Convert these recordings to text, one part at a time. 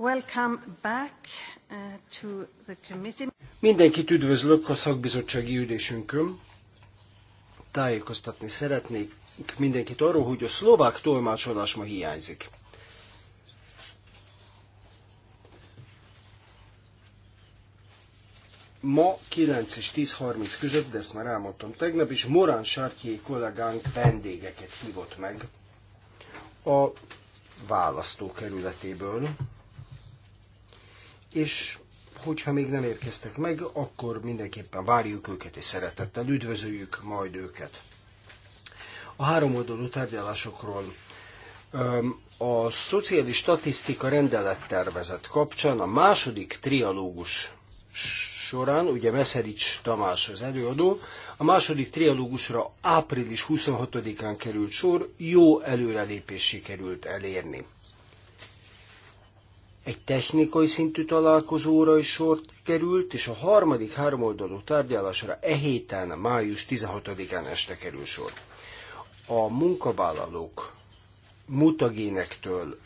Welcome back uh, to the committee. Mindenkit üdvözlök a szakbizottsági ülésünkön. Tájékoztatni szeretnék mindenkit arról, hogy a szlovák tolmácsolás ma hiányzik. ma 9 és 10.30 között, de ezt már elmondtam tegnap, és Morán Sártyé kollégánk vendégeket hívott meg a választókerületéből, és hogyha még nem érkeztek meg, akkor mindenképpen várjuk őket, és szeretettel üdvözöljük majd őket. A három oldalú tárgyalásokról a szociális statisztika rendelettervezet kapcsán a második trialógus során, ugye Meszerics Tamás az előadó, a második trialógusra április 26-án került sor, jó előrelépés sikerült elérni. Egy technikai szintű találkozóra is sor került, és a harmadik háromoldalú tárgyalásra e héten, május 16-án este kerül sor. A munkavállalók mutagénektől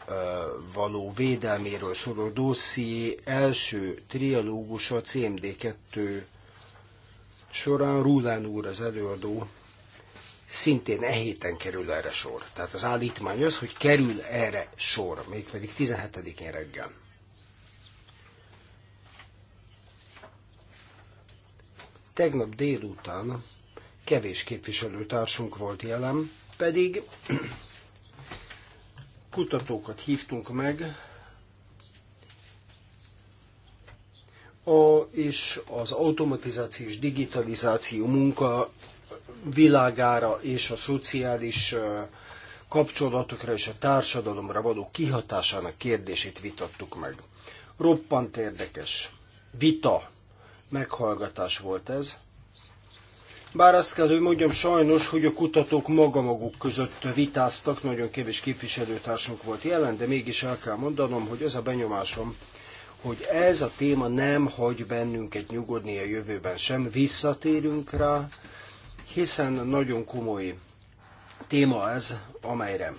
való védelméről szóló dosszié első trialógusa CMD2 során Rulán úr az előadó szintén e héten kerül erre sor. Tehát az állítmány az, hogy kerül erre sor, mégpedig 17-én reggel. Tegnap délután kevés képviselőtársunk volt jelen, pedig kutatókat hívtunk meg, a, és az automatizáció és digitalizáció munka világára és a szociális kapcsolatokra és a társadalomra való kihatásának kérdését vitattuk meg. Roppant érdekes vita, meghallgatás volt ez. Bár azt kell, hogy mondjam sajnos, hogy a kutatók maga maguk között vitáztak, nagyon kevés képviselőtársunk volt jelen, de mégis el kell mondanom, hogy ez a benyomásom, hogy ez a téma nem hagy bennünket nyugodni a jövőben sem, visszatérünk rá, hiszen nagyon komoly téma ez, amelyre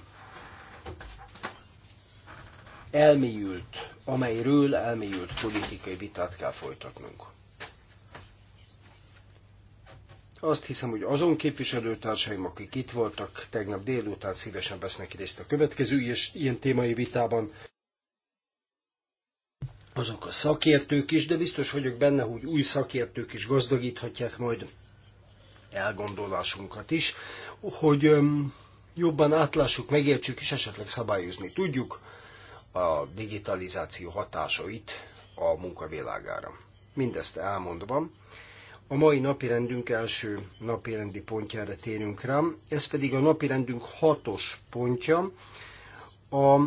elmélyült, amelyről elmélyült politikai vitát kell folytatnunk. Azt hiszem, hogy azon képviselőtársaim, akik itt voltak, tegnap délután szívesen vesznek részt a következő ilyen témai vitában, azok a szakértők is, de biztos vagyok benne, hogy új szakértők is gazdagíthatják majd elgondolásunkat is, hogy jobban átlássuk, megértsük és esetleg szabályozni tudjuk a digitalizáció hatásait a munkavilágára. Mindezt elmondva, a mai napirendünk első napirendi pontjára térünk rá, ez pedig a napirendünk hatos pontja, a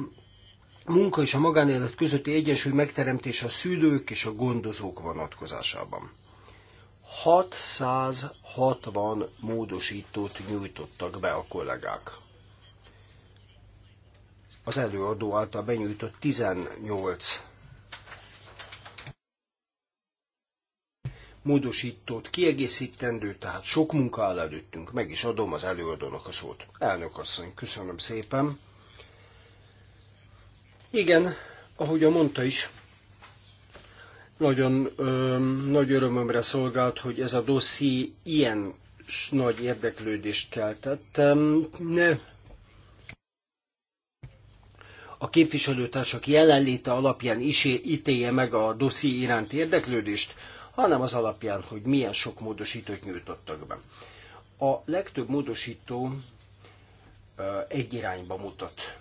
munka és a magánélet közötti egyensúly megteremtése a szülők és a gondozók vonatkozásában. 600 60 módosítót nyújtottak be a kollégák. Az előadó által benyújtott 18 módosítót kiegészítendő, tehát sok munka áll előttünk. Meg is adom az előadónak a szót. Elnök asszony, köszönöm szépen. Igen, ahogy a mondta is, nagyon ö, nagy örömömre szolgált, hogy ez a dosszié ilyen nagy érdeklődést keltett. Ne. A képviselőtársak jelenléte alapján is ítélje meg a dosszié iránt érdeklődést, hanem az alapján, hogy milyen sok módosítót nyújtottak be. A legtöbb módosító egy irányba mutat.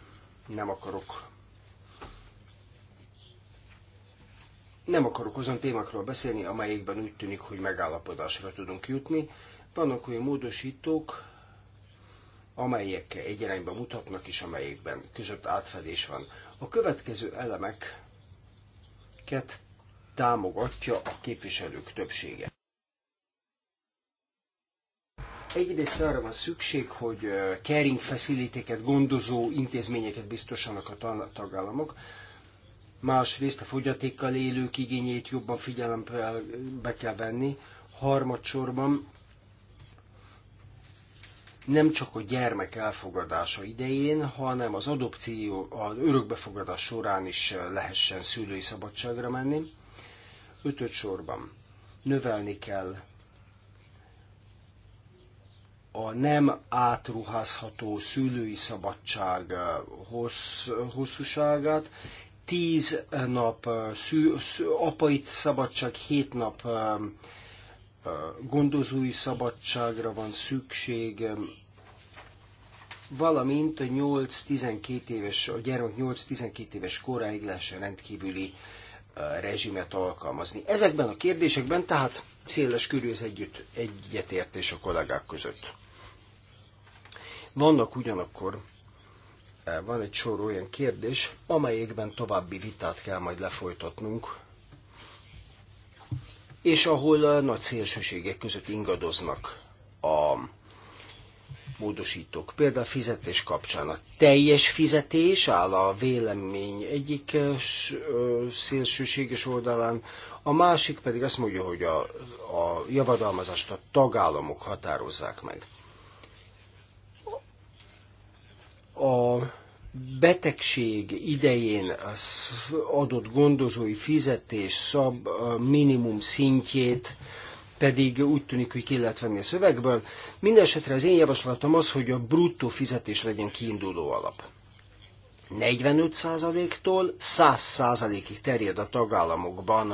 Nem akarok nem akarok azon témákról beszélni, amelyekben úgy tűnik, hogy megállapodásra tudunk jutni. Vannak olyan módosítók, amelyek egy irányba mutatnak, és amelyekben között átfedés van. A következő elemeket támogatja a képviselők többsége. Egyrészt arra van szükség, hogy eh, caring facility gondozó intézményeket biztosanak a tagállamok, másrészt a fogyatékkal élők igényét jobban figyelembe kell venni, harmadsorban nem csak a gyermek elfogadása idején, hanem az adopció, az örökbefogadás során is lehessen szülői szabadságra menni. Ötöd sorban növelni kell a nem átruházható szülői szabadság eh, hossz, hosszúságát, tíz eh, nap eh, szű, szű, apai szabadság, hét nap eh, gondozói szabadságra van szükség, valamint a 8-12 éves, a gyermek 8-12 éves koráig lehessen rendkívüli rezsimet alkalmazni. Ezekben a kérdésekben tehát széles körül az együtt, egyetértés a kollégák között. Vannak ugyanakkor van egy sor olyan kérdés, amelyekben további vitát kell majd lefolytatnunk, és ahol nagy szélsőségek között ingadoznak a módosítók. Például a fizetés kapcsán a teljes fizetés áll a vélemény egyik szélsőséges oldalán, a másik pedig azt mondja, hogy a, a javadalmazást a tagállamok határozzák meg. a betegség idején az adott gondozói fizetés szab minimum szintjét pedig úgy tűnik, hogy ki lehet venni a szövegből. Mindenesetre az én javaslatom az, hogy a bruttó fizetés legyen kiinduló alap. 45%-tól 100%-ig terjed a tagállamokban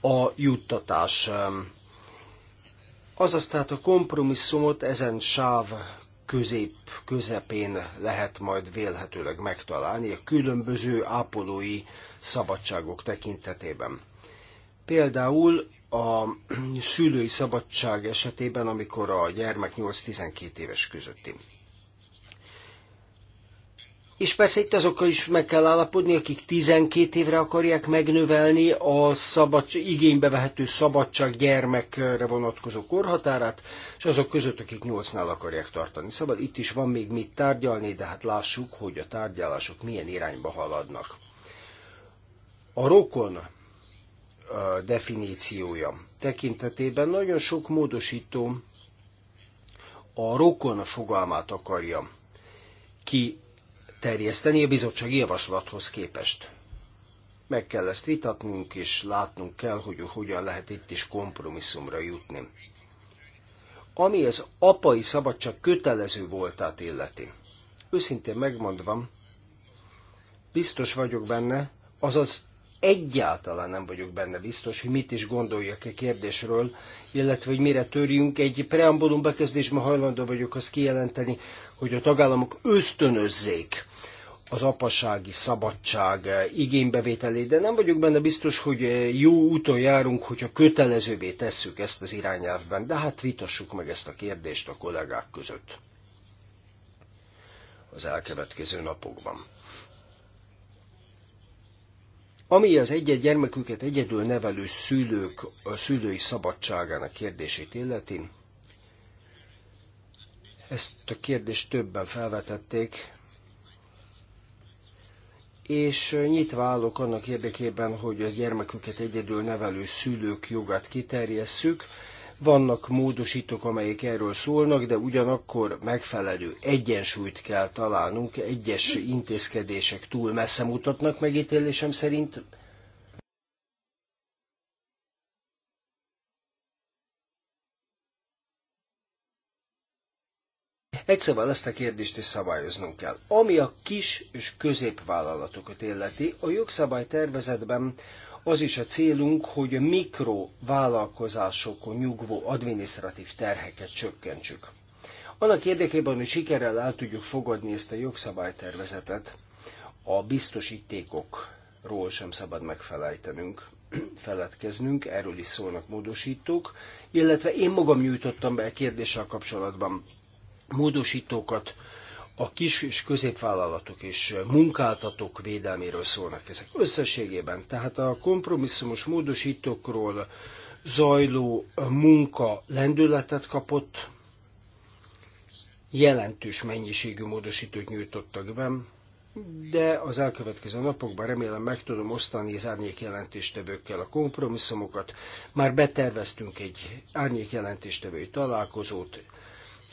a juttatás. Azaz tehát a kompromisszumot ezen sáv közép, közepén lehet majd vélhetőleg megtalálni a különböző ápolói szabadságok tekintetében. Például a szülői szabadság esetében, amikor a gyermek 8-12 éves közötti. És persze itt azokkal is meg kell állapodni, akik 12 évre akarják megnövelni a szabad, igénybe vehető szabadság gyermekre vonatkozó korhatárát, és azok között, akik 8-nál akarják tartani. Szabad, szóval itt is van még mit tárgyalni, de hát lássuk, hogy a tárgyalások milyen irányba haladnak. A rokon definíciója tekintetében nagyon sok módosító a rokon fogalmát akarja ki terjeszteni a bizottsági javaslathoz képest. Meg kell ezt vitatnunk, és látnunk kell, hogy hogyan lehet itt is kompromisszumra jutni. Ami az apai szabadság kötelező voltát illeti. Őszintén megmondvam, biztos vagyok benne, azaz egyáltalán nem vagyok benne biztos, hogy mit is gondoljak a kérdésről, illetve hogy mire törjünk. Egy preambulum bekezdésben hajlandó vagyok azt kijelenteni, hogy a tagállamok ösztönözzék az apasági szabadság eh, igénybevételét, de nem vagyok benne biztos, hogy eh, jó úton járunk, hogyha kötelezővé tesszük ezt az irányelvben, de hát vitassuk meg ezt a kérdést a kollégák között az elkövetkező napokban. Ami az egyet gyermeküket egyedül nevelő szülők a szülői szabadságának kérdését illeti, ezt a kérdést többen felvetették, és nyitva állok annak érdekében, hogy a gyermeküket egyedül nevelő szülők jogát kiterjesszük, vannak módosítók, amelyek erről szólnak, de ugyanakkor megfelelő egyensúlyt kell találnunk, egyes intézkedések túl messze mutatnak megítélésem szerint, Egyszerűen szóval ezt a kérdést is szabályoznunk kell. Ami a kis és középvállalatokat illeti, a jogszabálytervezetben az is a célunk, hogy a mikrovállalkozásokon nyugvó adminisztratív terheket csökkentsük. Annak érdekében, hogy sikerrel el tudjuk fogadni ezt a jogszabálytervezetet, a biztosítékokról sem szabad megfelejtenünk, feledkeznünk, erről is szólnak módosítók, illetve én magam nyújtottam be a kérdéssel kapcsolatban módosítókat, a kis és középvállalatok és munkáltatók védelméről szólnak ezek. Összességében, tehát a kompromisszumos módosítókról zajló munka lendületet kapott, jelentős mennyiségű módosítót nyújtottak be, de az elkövetkező napokban remélem meg tudom osztani az árnyékjelentéstevőkkel a kompromisszumokat. Már beterveztünk egy árnyékjelentéstevői találkozót,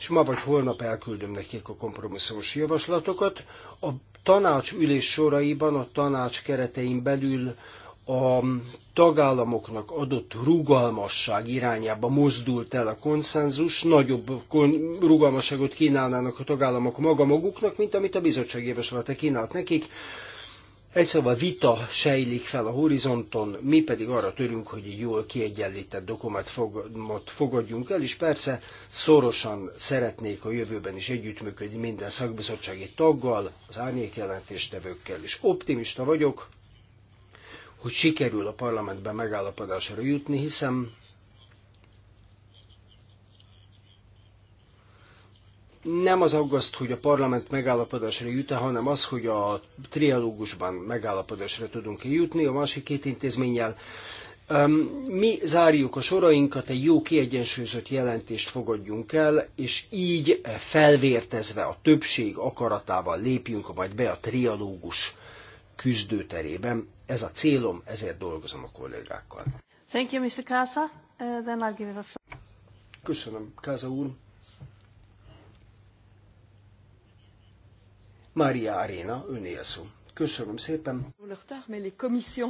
és ma vagy holnap elküldöm nekik a kompromisszumos javaslatokat. A tanács ülés soraiban, a tanács keretein belül a tagállamoknak adott rugalmasság irányába mozdult el a konszenzus, nagyobb rugalmasságot kínálnának a tagállamok maga maguknak, mint amit a bizottság javaslata kínált nekik. Egy szóval vita sejlik fel a horizonton, mi pedig arra törünk, hogy egy jól kiegyenlített dokumentumot fogadjunk el, és persze szorosan szeretnék a jövőben is együttműködni minden szakbizottsági taggal, az árnyékjelentéstevőkkel is. Optimista vagyok, hogy sikerül a parlamentben megállapodásra jutni, hiszen nem az aggaszt, hogy a parlament megállapodásra jut-e, hanem az, hogy a trialógusban megállapodásra tudunk jutni a másik két intézménnyel. Mi zárjuk a sorainkat, egy jó kiegyensúlyozott jelentést fogadjunk el, és így e, felvértezve a többség akaratával lépjünk majd be a trialógus küzdőterében. Ez a célom, ezért dolgozom a kollégákkal. Thank you, Mr. Casa. Uh, then I'll give it a... Köszönöm, Káza úr. Maria Arena önél szó. Köszönöm szépen.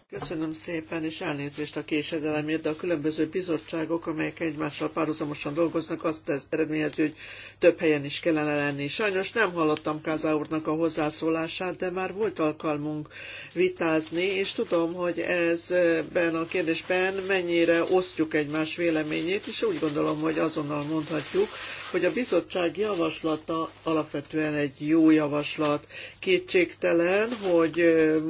Köszönöm szépen, és elnézést a késedelemért, de a különböző bizottságok, amelyek egymással párhuzamosan dolgoznak, azt ez eredményezi, hogy több helyen is kellene lenni. Sajnos nem hallottam Kázá úrnak a hozzászólását, de már volt alkalmunk vitázni, és tudom, hogy ezben a kérdésben mennyire osztjuk egymás véleményét, és úgy gondolom, hogy azonnal mondhatjuk, hogy a bizottság javaslata alapvetően egy jó javaslat. Kétségtelen, hogy hogy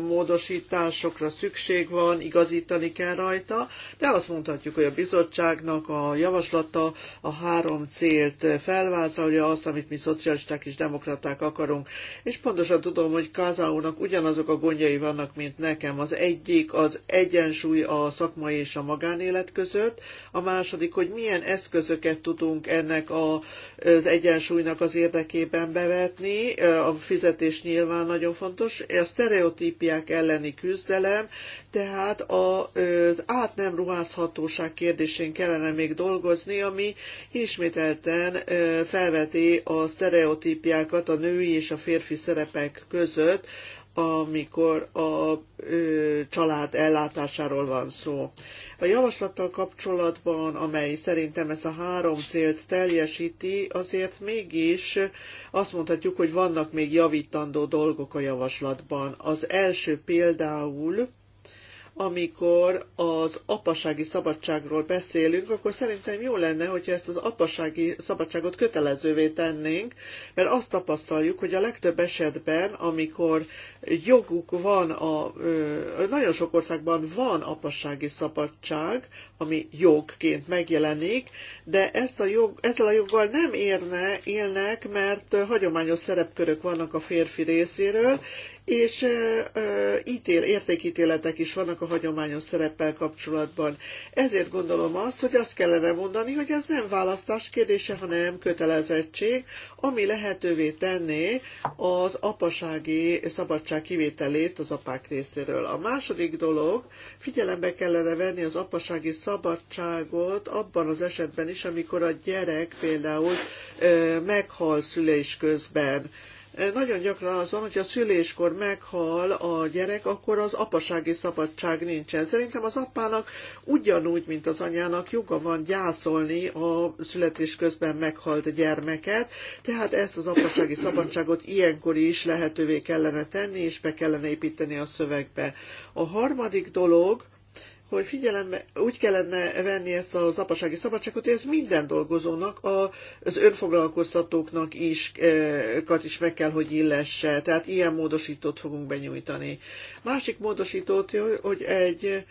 módosításokra szükség van, igazítani kell rajta, de azt mondhatjuk, hogy a bizottságnak a javaslata a három célt felvázolja, azt, amit mi szocialisták és demokraták akarunk. És pontosan tudom, hogy Kázáónak ugyanazok a gondjai vannak, mint nekem. Az egyik az egyensúly a szakmai és a magánélet között, a második, hogy milyen eszközöket tudunk ennek a, az egyensúlynak az érdekében bevetni, a fizetés nyilván nagyon fontos, ezt sztereotípiák elleni küzdelem, tehát az át nem ruházhatóság kérdésén kellene még dolgozni, ami ismételten felveti a sztereotípiákat a női és a férfi szerepek között, amikor a ö, család ellátásáról van szó. A javaslattal kapcsolatban, amely szerintem ezt a három célt teljesíti, azért mégis azt mondhatjuk, hogy vannak még javítandó dolgok a javaslatban. Az első például amikor az apasági szabadságról beszélünk, akkor szerintem jó lenne, hogyha ezt az apasági szabadságot kötelezővé tennénk, mert azt tapasztaljuk, hogy a legtöbb esetben, amikor joguk van, a, nagyon sok országban van apasági szabadság, ami jogként megjelenik, de ezt a jog, ezzel a joggal nem érne, élnek, mert hagyományos szerepkörök vannak a férfi részéről, és ítél, értékítéletek is vannak a hagyományos szereppel kapcsolatban. Ezért gondolom azt, hogy azt kellene mondani, hogy ez nem választás kérdése, hanem kötelezettség, ami lehetővé tenné az apasági szabadság kivételét az apák részéről. A második dolog, figyelembe kellene venni az apasági szabadságot abban az esetben is, amikor a gyerek például meghal szülés közben nagyon gyakran az van, hogyha a szüléskor meghal a gyerek, akkor az apasági szabadság nincsen. Szerintem az apának ugyanúgy, mint az anyának joga van gyászolni a születés közben meghalt gyermeket, tehát ezt az apasági szabadságot ilyenkor is lehetővé kellene tenni, és be kellene építeni a szövegbe. A harmadik dolog, hogy figyelembe úgy kellene venni ezt az apasági szabadságot, hogy ez minden dolgozónak, az önfoglalkoztatóknak is, eh, kat is meg kell, hogy illesse. Tehát ilyen módosítót fogunk benyújtani. Másik módosítót, hogy egy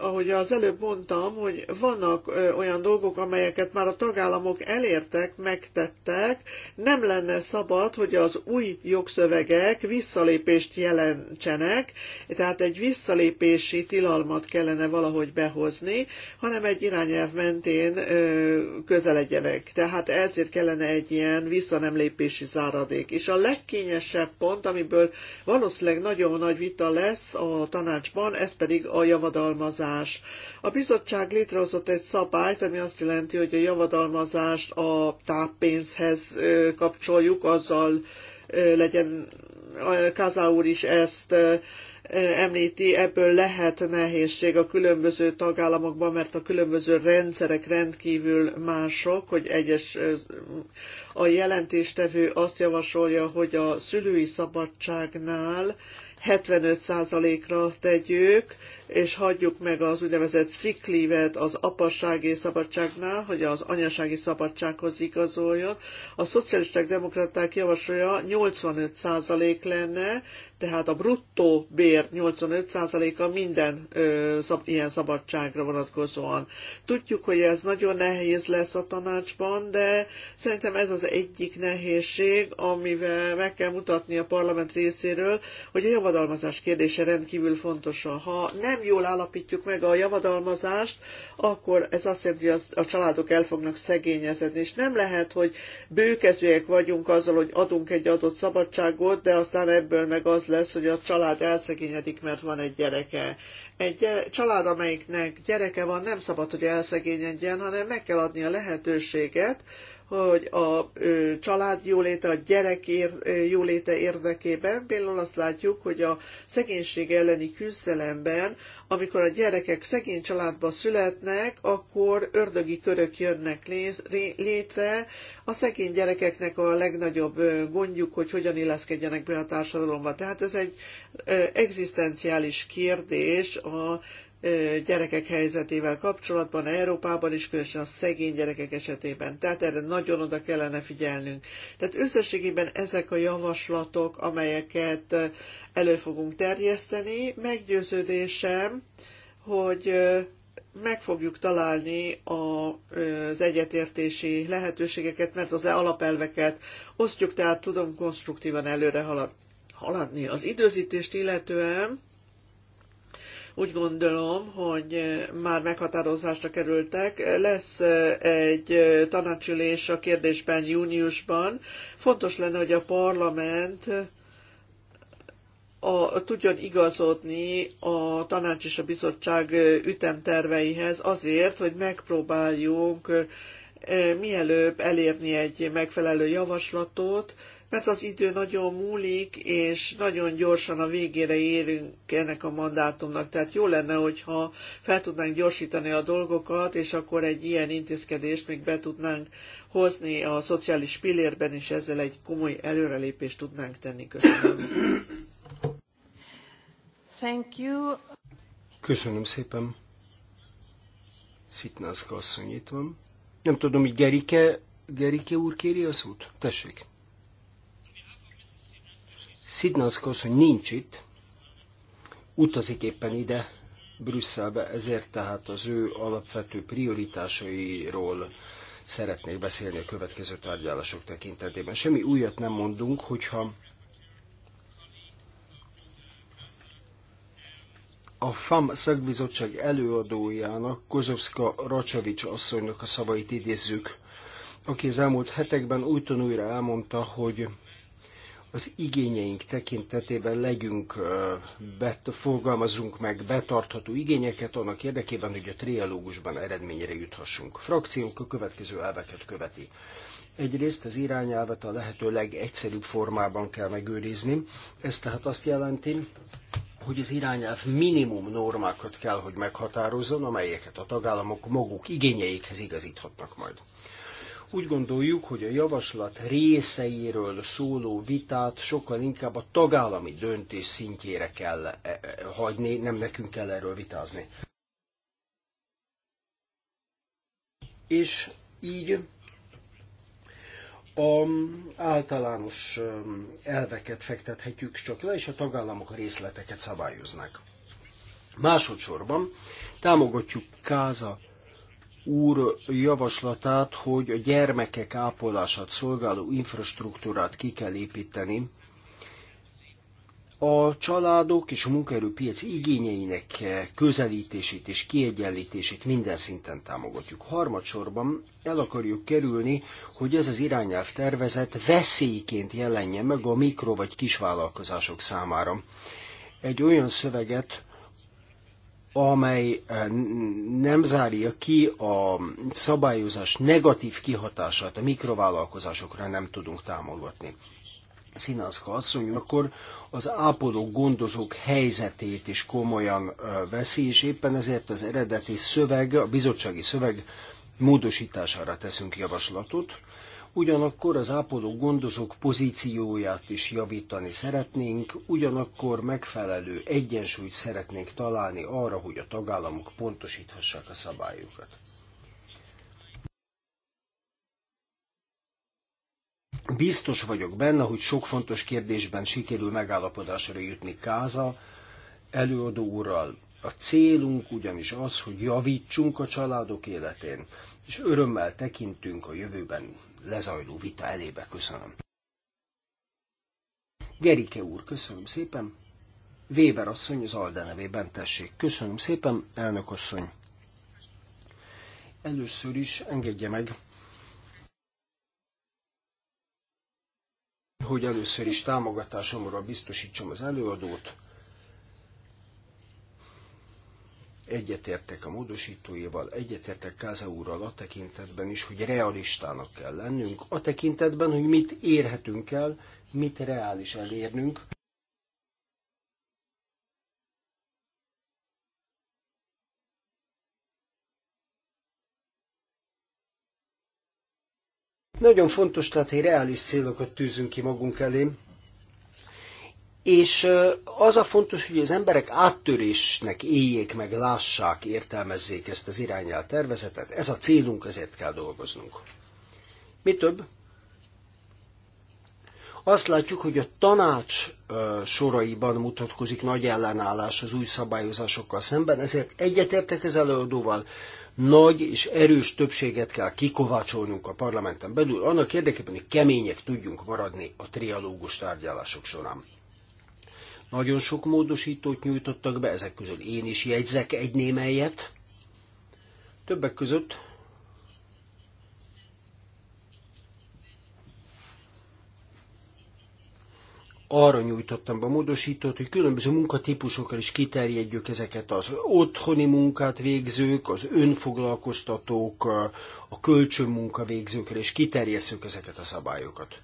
ahogy az előbb mondtam, hogy vannak olyan dolgok, amelyeket már a tagállamok elértek, megtettek, nem lenne szabad, hogy az új jogszövegek visszalépést jelentsenek, tehát egy visszalépési tilalmat kellene valahogy behozni, hanem egy irányelv mentén közeledjenek. Tehát ezért kellene egy ilyen visszanemlépési záradék. És a legkényesebb pont, amiből valószínűleg nagyon nagy vita lesz a tanácsban, ez pedig a javadalmazás javadalmazás. A bizottság létrehozott egy szabályt, ami azt jelenti, hogy a javadalmazást a táppénzhez kapcsoljuk, azzal legyen, Kazá úr is ezt említi, ebből lehet nehézség a különböző tagállamokban, mert a különböző rendszerek rendkívül mások, hogy egyes a jelentéstevő azt javasolja, hogy a szülői szabadságnál 75%-ra tegyük, és hagyjuk meg az úgynevezett sziklívet az apassági szabadságnál, hogy az anyasági szabadsághoz igazoljon. A szocialisták demokraták javasolja 85% lenne, tehát a bruttó bér 85%-a minden ö, szab, ilyen szabadságra vonatkozóan. Tudjuk, hogy ez nagyon nehéz lesz a tanácsban, de szerintem ez az egyik nehézség, amivel meg kell mutatni a parlament részéről, hogy a javadalmazás kérdése rendkívül fontos. Ha nem jól állapítjuk meg a javadalmazást, akkor ez azt jelenti, hogy a családok el fognak szegényezedni, és nem lehet, hogy bőkezőek vagyunk azzal, hogy adunk egy adott szabadságot, de aztán ebből meg az lesz, hogy a család elszegényedik, mert van egy gyereke egy család, amelyiknek gyereke van, nem szabad, hogy elszegényedjen, hanem meg kell adni a lehetőséget, hogy a család jóléte, a gyerek jóléte érdekében, például azt látjuk, hogy a szegénység elleni küzdelemben, amikor a gyerekek szegény családba születnek, akkor ördögi körök jönnek létre. A szegény gyerekeknek a legnagyobb gondjuk, hogy hogyan illeszkedjenek be a társadalomba. Tehát ez egy egzisztenciális kérdés a gyerekek helyzetével kapcsolatban, Európában is, különösen a szegény gyerekek esetében. Tehát erre nagyon oda kellene figyelnünk. Tehát összességében ezek a javaslatok, amelyeket elő fogunk terjeszteni, meggyőződésem, hogy meg fogjuk találni az egyetértési lehetőségeket, mert az alapelveket osztjuk, tehát tudom konstruktívan előre halad, haladni. Az időzítést illetően úgy gondolom, hogy eh, már meghatározásra kerültek. Lesz eh, egy eh, tanácsülés a kérdésben júniusban. Fontos lenne, hogy a parlament a, tudjon igazodni a tanács és a bizottság ütemterveihez azért, hogy megpróbáljunk mielőbb elérni egy megfelelő javaslatot, mert az idő nagyon múlik, és nagyon gyorsan a végére érünk ennek a mandátumnak. Tehát jó lenne, hogyha fel tudnánk gyorsítani a dolgokat, és akkor egy ilyen intézkedést még be tudnánk hozni a szociális pillérben, és ezzel egy komoly előrelépést tudnánk tenni. Köszönöm. Thank you. Köszönöm szépen. Szitnászka asszony itt van. Nem tudom, hogy Gerike, Gerike úr kéri a szót? Tessék. Szidnanszka hogy nincs itt, utazik éppen ide, Brüsszelbe, ezért tehát az ő alapvető prioritásairól szeretnék beszélni a következő tárgyalások tekintetében. Semmi újat nem mondunk, hogyha a FAM szakbizottság előadójának, Kozovska Racsavics asszonynak a szavait idézzük, aki az elmúlt hetekben újton újra elmondta, hogy az igényeink tekintetében legyünk, bet, fogalmazunk meg betartható igényeket annak érdekében, hogy a trialógusban eredményre juthassunk. Frakciónk a következő elveket követi. Egyrészt az irányelvet a lehető legegyszerűbb formában kell megőrizni. Ez tehát azt jelenti, hogy az irányelv minimum normákat kell, hogy meghatározzon, amelyeket a tagállamok maguk igényeikhez igazíthatnak majd. Úgy gondoljuk, hogy a javaslat részeiről szóló vitát sokkal inkább a tagállami döntés szintjére kell e, e, hagyni, nem nekünk kell erről vitázni. És így a általános elveket fektethetjük csak le, és a tagállamok a részleteket szabályoznak. Másodszorban támogatjuk Káza úr javaslatát, hogy a gyermekek ápolását szolgáló infrastruktúrát ki kell építeni. A családok és a munkaerőpiac igényeinek közelítését és kiegyenlítését minden szinten támogatjuk. Harmadsorban el akarjuk kerülni, hogy ez az irányelv tervezet veszélyként jelenje meg a mikro vagy kisvállalkozások számára. Egy olyan szöveget, amely eh, nem zárja ki a szabályozás negatív kihatását a mikrovállalkozásokra nem tudunk támogatni. Színaszka asszony, akkor az ápoló gondozók helyzetét is komolyan eh, veszi, és éppen ezért az eredeti szöveg, a bizottsági szöveg módosítására teszünk javaslatot, ugyanakkor az ápoló gondozók pozícióját is javítani szeretnénk, ugyanakkor megfelelő egyensúlyt szeretnénk találni arra, hogy a tagállamok pontosíthassák a szabályokat. Biztos vagyok benne, hogy sok fontos kérdésben sikerül megállapodásra jutni Káza előadó úrral. A célunk ugyanis az, hogy javítsunk a családok életén, és örömmel tekintünk a jövőben lezajló vita elébe. Köszönöm. Gerike úr, köszönöm szépen. Weber asszony az Alde nevében tessék. Köszönöm szépen, elnök asszony. Először is engedje meg, hogy először is támogatásomra biztosítsam az előadót, egyetértek a módosítóival, egyetértek Káza úrral a tekintetben is, hogy realistának kell lennünk, a tekintetben, hogy mit érhetünk el, mit reális elérnünk. Nagyon fontos tehát, hogy reális célokat tűzünk ki magunk elé, és az a fontos, hogy az emberek áttörésnek éljék meg, lássák, értelmezzék ezt az irányel tervezetet. Ez a célunk, ezért kell dolgoznunk. Mi több? Azt látjuk, hogy a tanács soraiban mutatkozik nagy ellenállás az új szabályozásokkal szemben, ezért egyetértek az előadóval, nagy és erős többséget kell kikovácsolnunk a parlamenten belül, annak érdekében, hogy kemények tudjunk maradni a trialógus tárgyalások során. Nagyon sok módosítót nyújtottak be, ezek közül én is jegyzek egy némelyet. Többek között arra nyújtottam be a módosítót, hogy különböző munkatípusokkal is kiterjedjük ezeket az otthoni munkát végzők, az önfoglalkoztatók, a kölcsönmunkavégzőkkel, és kiterjesszük ezeket a szabályokat.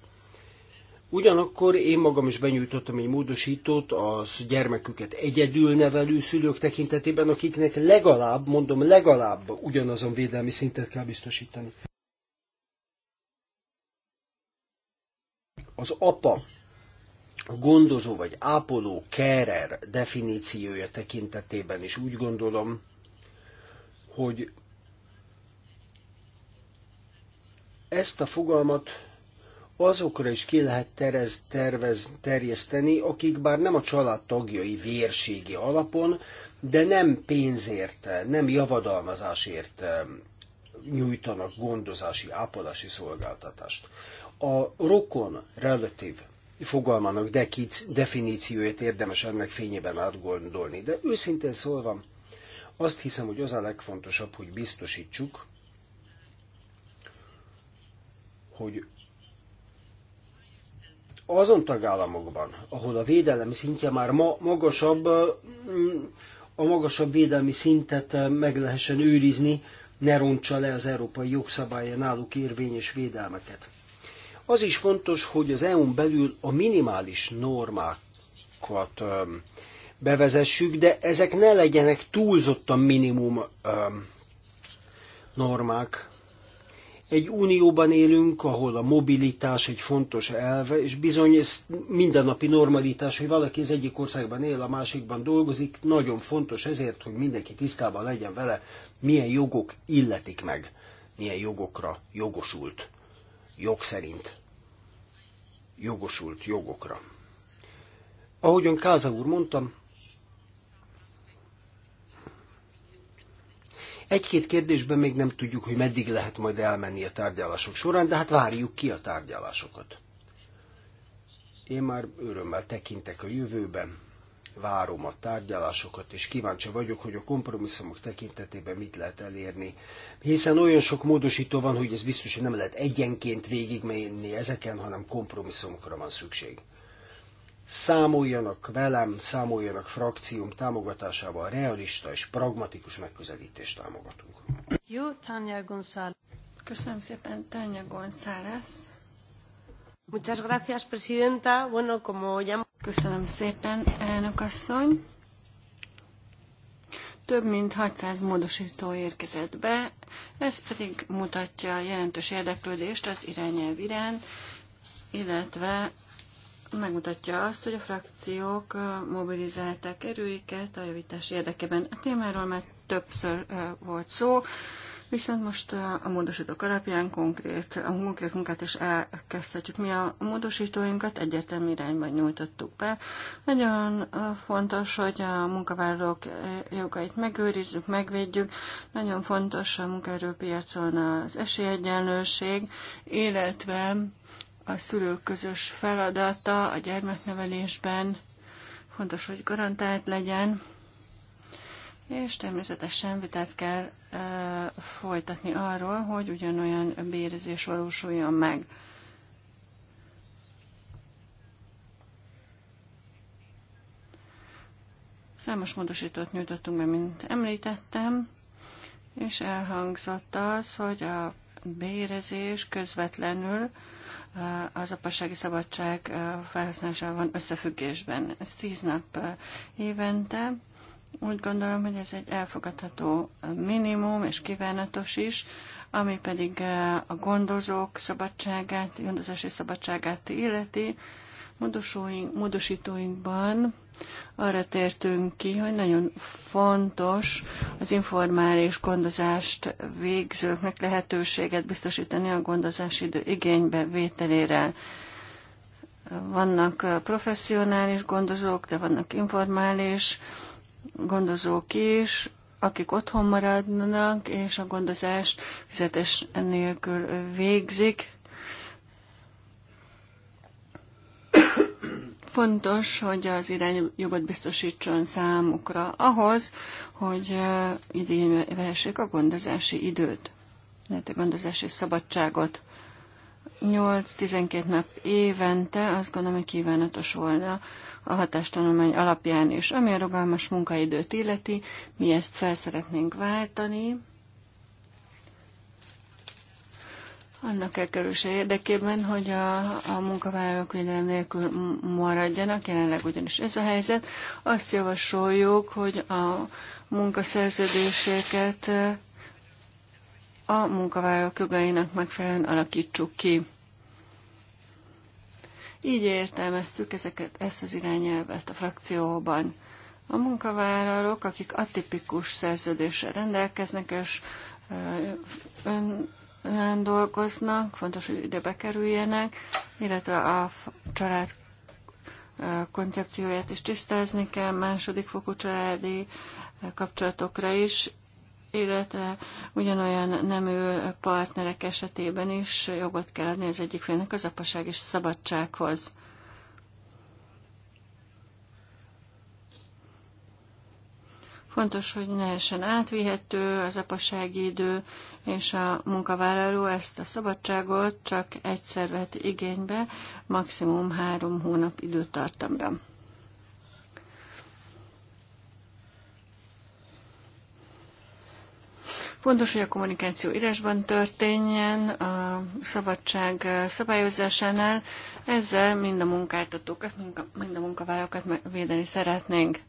Ugyanakkor én magam is benyújtottam egy módosítót az gyermeküket egyedül nevelő szülők tekintetében, akiknek legalább, mondom, legalább ugyanazon védelmi szintet kell biztosítani. Az apa gondozó vagy ápoló kerer definíciója tekintetében is úgy gondolom, hogy ezt a fogalmat azokra is ki lehet terez, tervez, terjeszteni, akik bár nem a család tagjai vérségi alapon, de nem pénzért, nem javadalmazásért nyújtanak gondozási, ápolási szolgáltatást. A rokon relatív fogalmának de definícióját érdemes ennek fényében átgondolni, de őszintén szólva azt hiszem, hogy az a legfontosabb, hogy biztosítsuk, hogy azon tagállamokban, ahol a védelem szintje már ma magasabb, mm, a magasabb védelmi szintet eh, meg lehessen őrizni, ne rontsa le az európai jogszabálya náluk érvényes védelmeket. Az is fontos, hogy az EU-n belül a minimális normákat eh, bevezessük, de ezek ne legyenek túlzottan minimum eh, normák, egy unióban élünk, ahol a mobilitás egy fontos elve, és bizony ez mindennapi normalitás, hogy valaki az egyik országban él, a másikban dolgozik, nagyon fontos ezért, hogy mindenki tisztában legyen vele, milyen jogok illetik meg, milyen jogokra jogosult, jog szerint jogosult jogokra. Ahogyan Káza úr mondtam, Egy-két kérdésben még nem tudjuk, hogy meddig lehet majd elmenni a tárgyalások során, de hát várjuk ki a tárgyalásokat. Én már örömmel tekintek a jövőben, várom a tárgyalásokat, és kíváncsi vagyok, hogy a kompromisszumok tekintetében mit lehet elérni. Hiszen olyan sok módosító van, hogy ez biztos, hogy nem lehet egyenként végigmenni ezeken, hanem kompromisszumokra van szükség számoljanak velem, számoljanak frakcióm támogatásával, realista és pragmatikus megközelítést támogatunk. Jó, Tanya González. Köszönöm szépen, Tanya González. Muchas gracias, presidenta. Bueno, como ya... Köszönöm szépen, elnök asszony. Több mint 600 módosító érkezett be, ez pedig mutatja jelentős érdeklődést az irányelv iránt, illetve megmutatja azt, hogy a frakciók mobilizálták erőiket a javítás érdekében. A témáról már többször volt szó, viszont most a módosítók alapján konkrét, a konkrét munkát is elkezdhetjük. Mi a módosítóinkat egyértelmű irányban nyújtottuk be. Nagyon fontos, hogy a munkavállalók jogait megőrizzük, megvédjük. Nagyon fontos a munkaerőpiacon az esélyegyenlőség, illetve a szülők közös feladata a gyermeknevelésben, fontos, hogy garantált legyen, és természetesen vitát kell e, folytatni arról, hogy ugyanolyan bérezés valósuljon meg. Számos módosítót nyújtottunk be, mint említettem, és elhangzott az, hogy a bérezés közvetlenül Eh, az apassági szabadság eh, felhasználásával van összefüggésben. Ez tíz nap eh, évente. Úgy gondolom, hogy ez egy elfogadható minimum és kívánatos is, ami pedig a gondozók szabadságát, gondozási szabadságát illeti. Módosítóinkban arra tértünk ki, hogy nagyon fontos az informális gondozást végzőknek lehetőséget biztosítani a gondozás idő igénybe vételére. Vannak professzionális gondozók, de vannak informális gondozók is, akik otthon maradnak, és a gondozást fizetés nélkül végzik. Fontos, hogy az irányjogot biztosítson számukra ahhoz, hogy idén vehessék a gondozási időt, lehet a gondozási szabadságot. 8-12 nap évente azt gondolom, hogy kívánatos volna a hatástanulmány alapján is, ami a rugalmas munkaidőt illeti, mi ezt fel szeretnénk váltani, Annak elkerülése érdekében, hogy a, a munkavállalók védelem nélkül maradjanak, jelenleg ugyanis ez a helyzet, azt javasoljuk, hogy a munkaszerződéseket a munkavállalók jogainak megfelelően alakítsuk ki. Így értelmeztük ezeket, ezt az irányelvet a frakcióban. A munkavállalók, akik atipikus szerződéssel rendelkeznek, és ön dolgoznak, fontos, hogy ide bekerüljenek, illetve a család koncepcióját is tisztázni kell, második fokú családi kapcsolatokra is, illetve ugyanolyan nemű partnerek esetében is jogot kell adni az egyik félnek az apaság és szabadsághoz. Fontos, hogy ne essen átvihető az apasági idő, és a munkavállaló ezt a szabadságot csak egyszer vett igénybe, maximum három hónap időtartamban. Fontos, hogy a kommunikáció írásban történjen a szabadság szabályozásánál. Ezzel mind a munkáltatókat, mind a munkavállalókat védeni szeretnénk.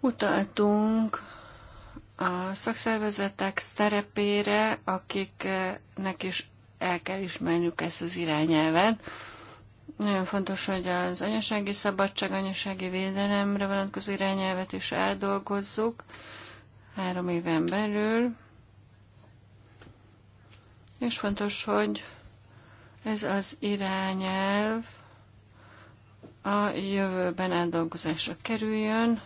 Utaltunk a szakszervezetek szerepére, akiknek is el kell ismerniük ezt az irányelvet. Nagyon fontos, hogy az anyasági szabadság, anyasági védelemre vonatkozó irányelvet is eldolgozzuk három éven belül. És fontos, hogy ez az irányelv a jövőben eldolgozásra kerüljön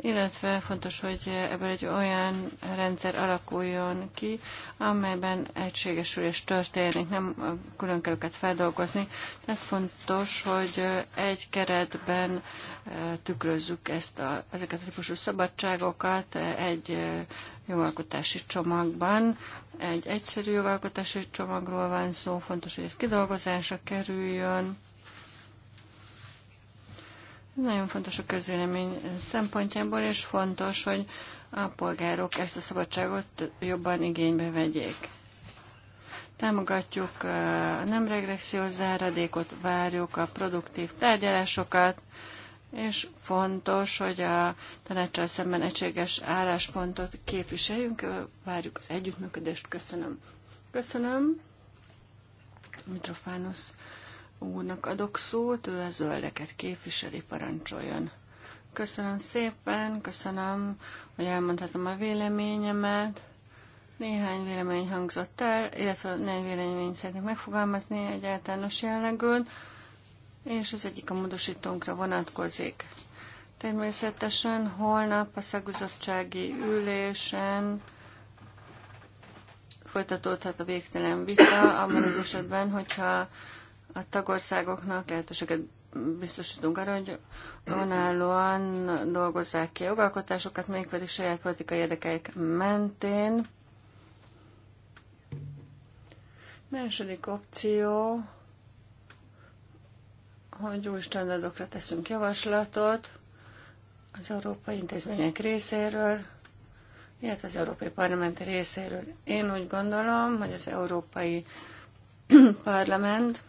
illetve fontos, hogy ebből egy olyan rendszer alakuljon ki, amelyben egységesülés történik, nem külön kell őket feldolgozni. Tehát fontos, hogy egy keretben eh, tükrözzük ezt a, ezeket a típusú szabadságokat eh, egy eh, jogalkotási csomagban. Egy egyszerű jogalkotási csomagról van szó, fontos, hogy ez kidolgozásra kerüljön nagyon fontos a közvélemény szempontjából, és fontos, hogy a polgárok ezt a szabadságot jobban igénybe vegyék. Támogatjuk a nem regressziós záradékot, várjuk a produktív tárgyalásokat, és fontos, hogy a tanácssal szemben egységes álláspontot képviseljünk, várjuk az együttműködést. Köszönöm. Köszönöm. Mitrofánusz úrnak adok szót, ő a zöldeket képviseli, parancsoljon. Köszönöm szépen, köszönöm, hogy elmondhatom a véleményemet. Néhány vélemény hangzott el, illetve néhány vélemény szeretnék megfogalmazni egy általános jellegűn, és az egyik a módosítónkra vonatkozik. Természetesen holnap a szakbizottsági ülésen folytatódhat a végtelen vita, abban az esetben, hogyha a tagországoknak lehetőséget biztosítunk arra, hogy önállóan dolgozzák ki a jogalkotásokat, mégpedig saját politikai érdekeik mentén. Második opció, hogy új standardokra teszünk javaslatot az európai intézmények részéről, illetve az Európai Parlament részéről. Én úgy gondolom, hogy az Európai Parlament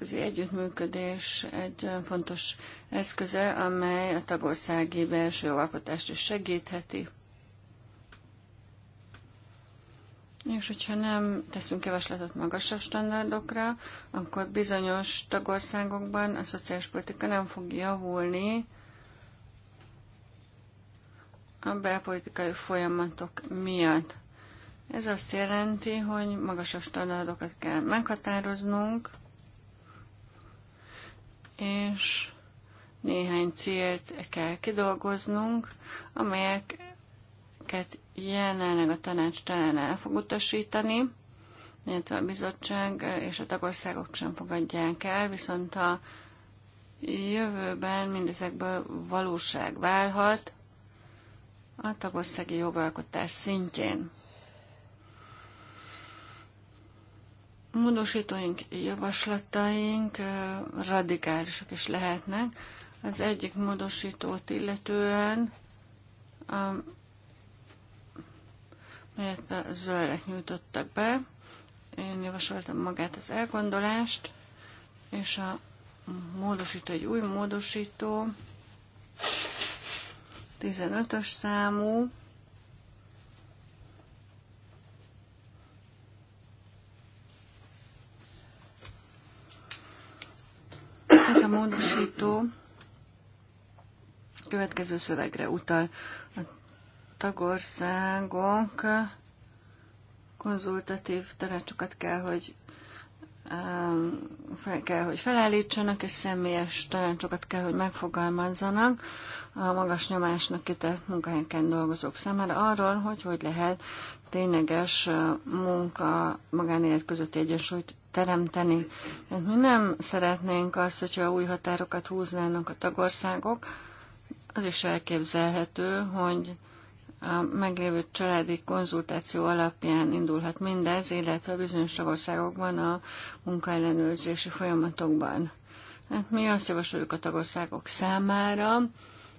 Az együttműködés egy olyan fontos eszköze, amely a tagországi belső alkotást is segítheti. És hogyha nem teszünk javaslatot magasabb standardokra, akkor bizonyos tagországokban a szociális politika nem fog javulni a belpolitikai folyamatok miatt. Ez azt jelenti, hogy magasabb standardokat kell meghatároznunk, és néhány célt kell kidolgoznunk, amelyeket jelenleg a tanács talán el fog utasítani, illetve a bizottság és a tagországok sem fogadják el, viszont a jövőben mindezekből valóság válhat a tagországi jogalkotás szintjén. módosítóink, javaslataink radikálisak is lehetnek. Az egyik módosítót illetően, amelyet a zöldek nyújtottak be, én javasoltam magát az elgondolást, és a módosító, egy új módosító, 15-ös számú, módosító következő szövegre utal. A tagországok konzultatív tanácsokat kell, hogy um, fel kell, hogy felállítsanak, és személyes tanácsokat kell, hogy megfogalmazzanak a magas nyomásnak kitett munkahelyeken dolgozók számára arról, hogy hogy lehet tényleges uh, munka magánélet közötti egyensúlyt teremteni. Tehát mi nem szeretnénk azt, hogyha új határokat húznának a tagországok, az is elképzelhető, hogy a meglévő családi konzultáció alapján indulhat mindez, illetve bizonyos tagországokban a munkaellenőrzési folyamatokban. Hát mi azt javasoljuk a tagországok számára,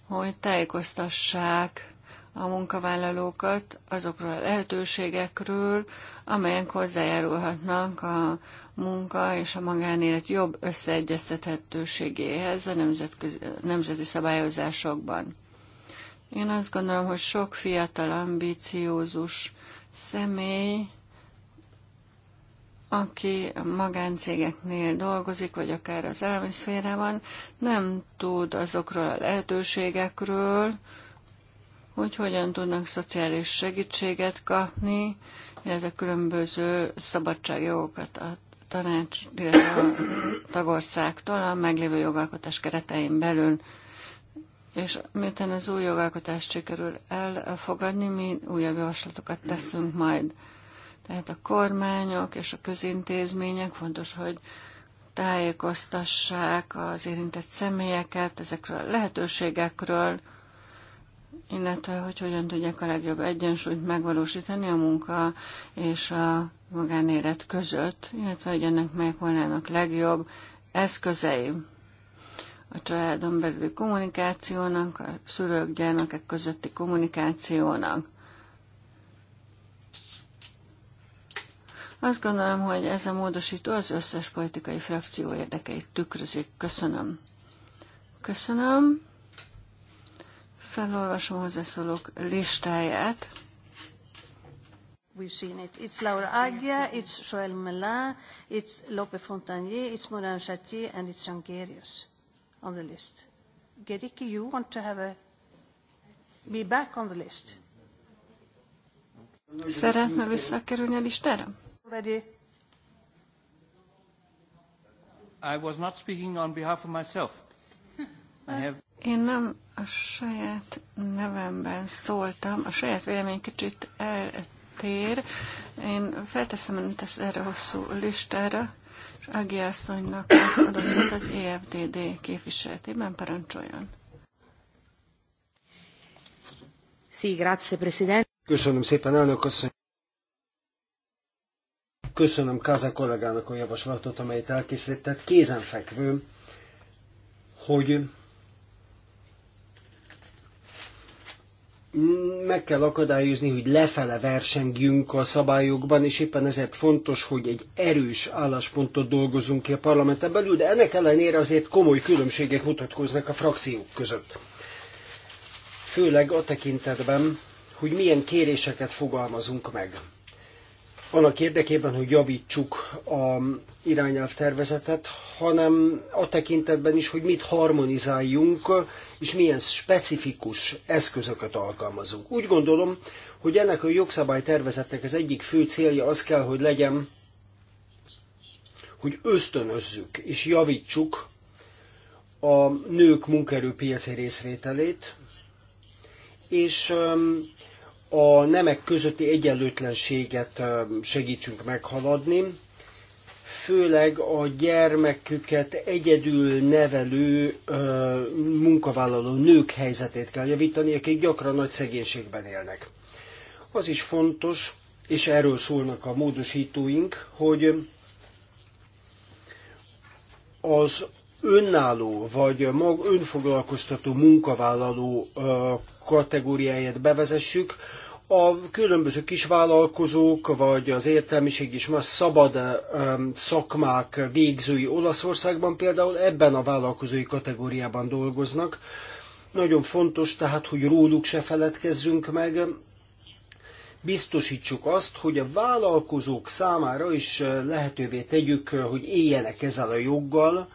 hogy tájékoztassák a munkavállalókat azokról a lehetőségekről, amelyek hozzájárulhatnak a munka és a magánélet jobb összeegyeztethetőségéhez a nemzetközi, nemzeti szabályozásokban. Én azt gondolom, hogy sok fiatal, ambiciózus személy, aki magáncégeknél dolgozik, vagy akár az állami szférában, nem tud azokról a lehetőségekről, hogy hogyan tudnak szociális segítséget kapni, illetve különböző szabadságjogokat a tanács, illetve a tagországtól a meglévő jogalkotás keretein belül. És miután az új jogalkotást sikerül elfogadni, mi újabb javaslatokat teszünk majd. Tehát a kormányok és a közintézmények fontos, hogy tájékoztassák az érintett személyeket ezekről a lehetőségekről, illetve hogy hogyan tudják a legjobb egyensúlyt megvalósítani a munka és a magánélet között, illetve hogy ennek melyek volnának legjobb eszközei a családon belüli kommunikációnak, a szülők, gyermekek közötti kommunikációnak. Azt gondolom, hogy ez a módosító az összes politikai frakció érdekeit tükrözik. Köszönöm. Köszönöm. Felolvasom hozzászólók listáját. We've seen it. It's Laura Agia, it's Joël Mela, it's Lope Fontanier, it's Moran Chatier, and it's Jangerius on the list. Gericke, you want to have a, be back on the list? Szeretne visszakerülni a listára? Ready? I was not speaking on behalf of myself. I have... Én nem a saját nevemben szóltam, a saját vélemény kicsit eltér. Én felteszem önt ezt erre hosszú listára, és Agi asszonynak adott az EFDD képviseletében parancsoljon. Sí, grazie, president. Köszönöm szépen, elnök asszony. Köszönöm Káza kollégának a javaslatot, amelyet elkészített. Kézenfekvő, hogy meg kell akadályozni, hogy lefele versengjünk a szabályokban, és éppen ezért fontos, hogy egy erős álláspontot dolgozunk ki a parlamenten belül, de ennek ellenére azért komoly különbségek mutatkoznak a frakciók között. Főleg a tekintetben, hogy milyen kéréseket fogalmazunk meg annak érdekében, hogy javítsuk a irányelv tervezetet, hanem a tekintetben is, hogy mit harmonizáljunk, és milyen specifikus eszközöket alkalmazunk. Úgy gondolom, hogy ennek a jogszabálytervezetnek az egyik fő célja az kell, hogy legyen, hogy ösztönözzük és javítsuk a nők munkaerőpiaci részvételét, és a nemek közötti egyenlőtlenséget segítsünk meghaladni, főleg a gyermeküket egyedül nevelő munkavállaló nők helyzetét kell javítani, akik gyakran nagy szegénységben élnek. Az is fontos, és erről szólnak a módosítóink, hogy az önálló vagy mag önfoglalkoztató munkavállaló kategóriáját bevezessük, a különböző kisvállalkozók, vagy az értelmiség és más szabad szakmák végzői Olaszországban például ebben a vállalkozói kategóriában dolgoznak. Nagyon fontos tehát, hogy róluk se feledkezzünk meg, biztosítsuk azt, hogy a vállalkozók számára is eh, lehetővé tegyük, eh, hogy éljenek ezzel a joggal,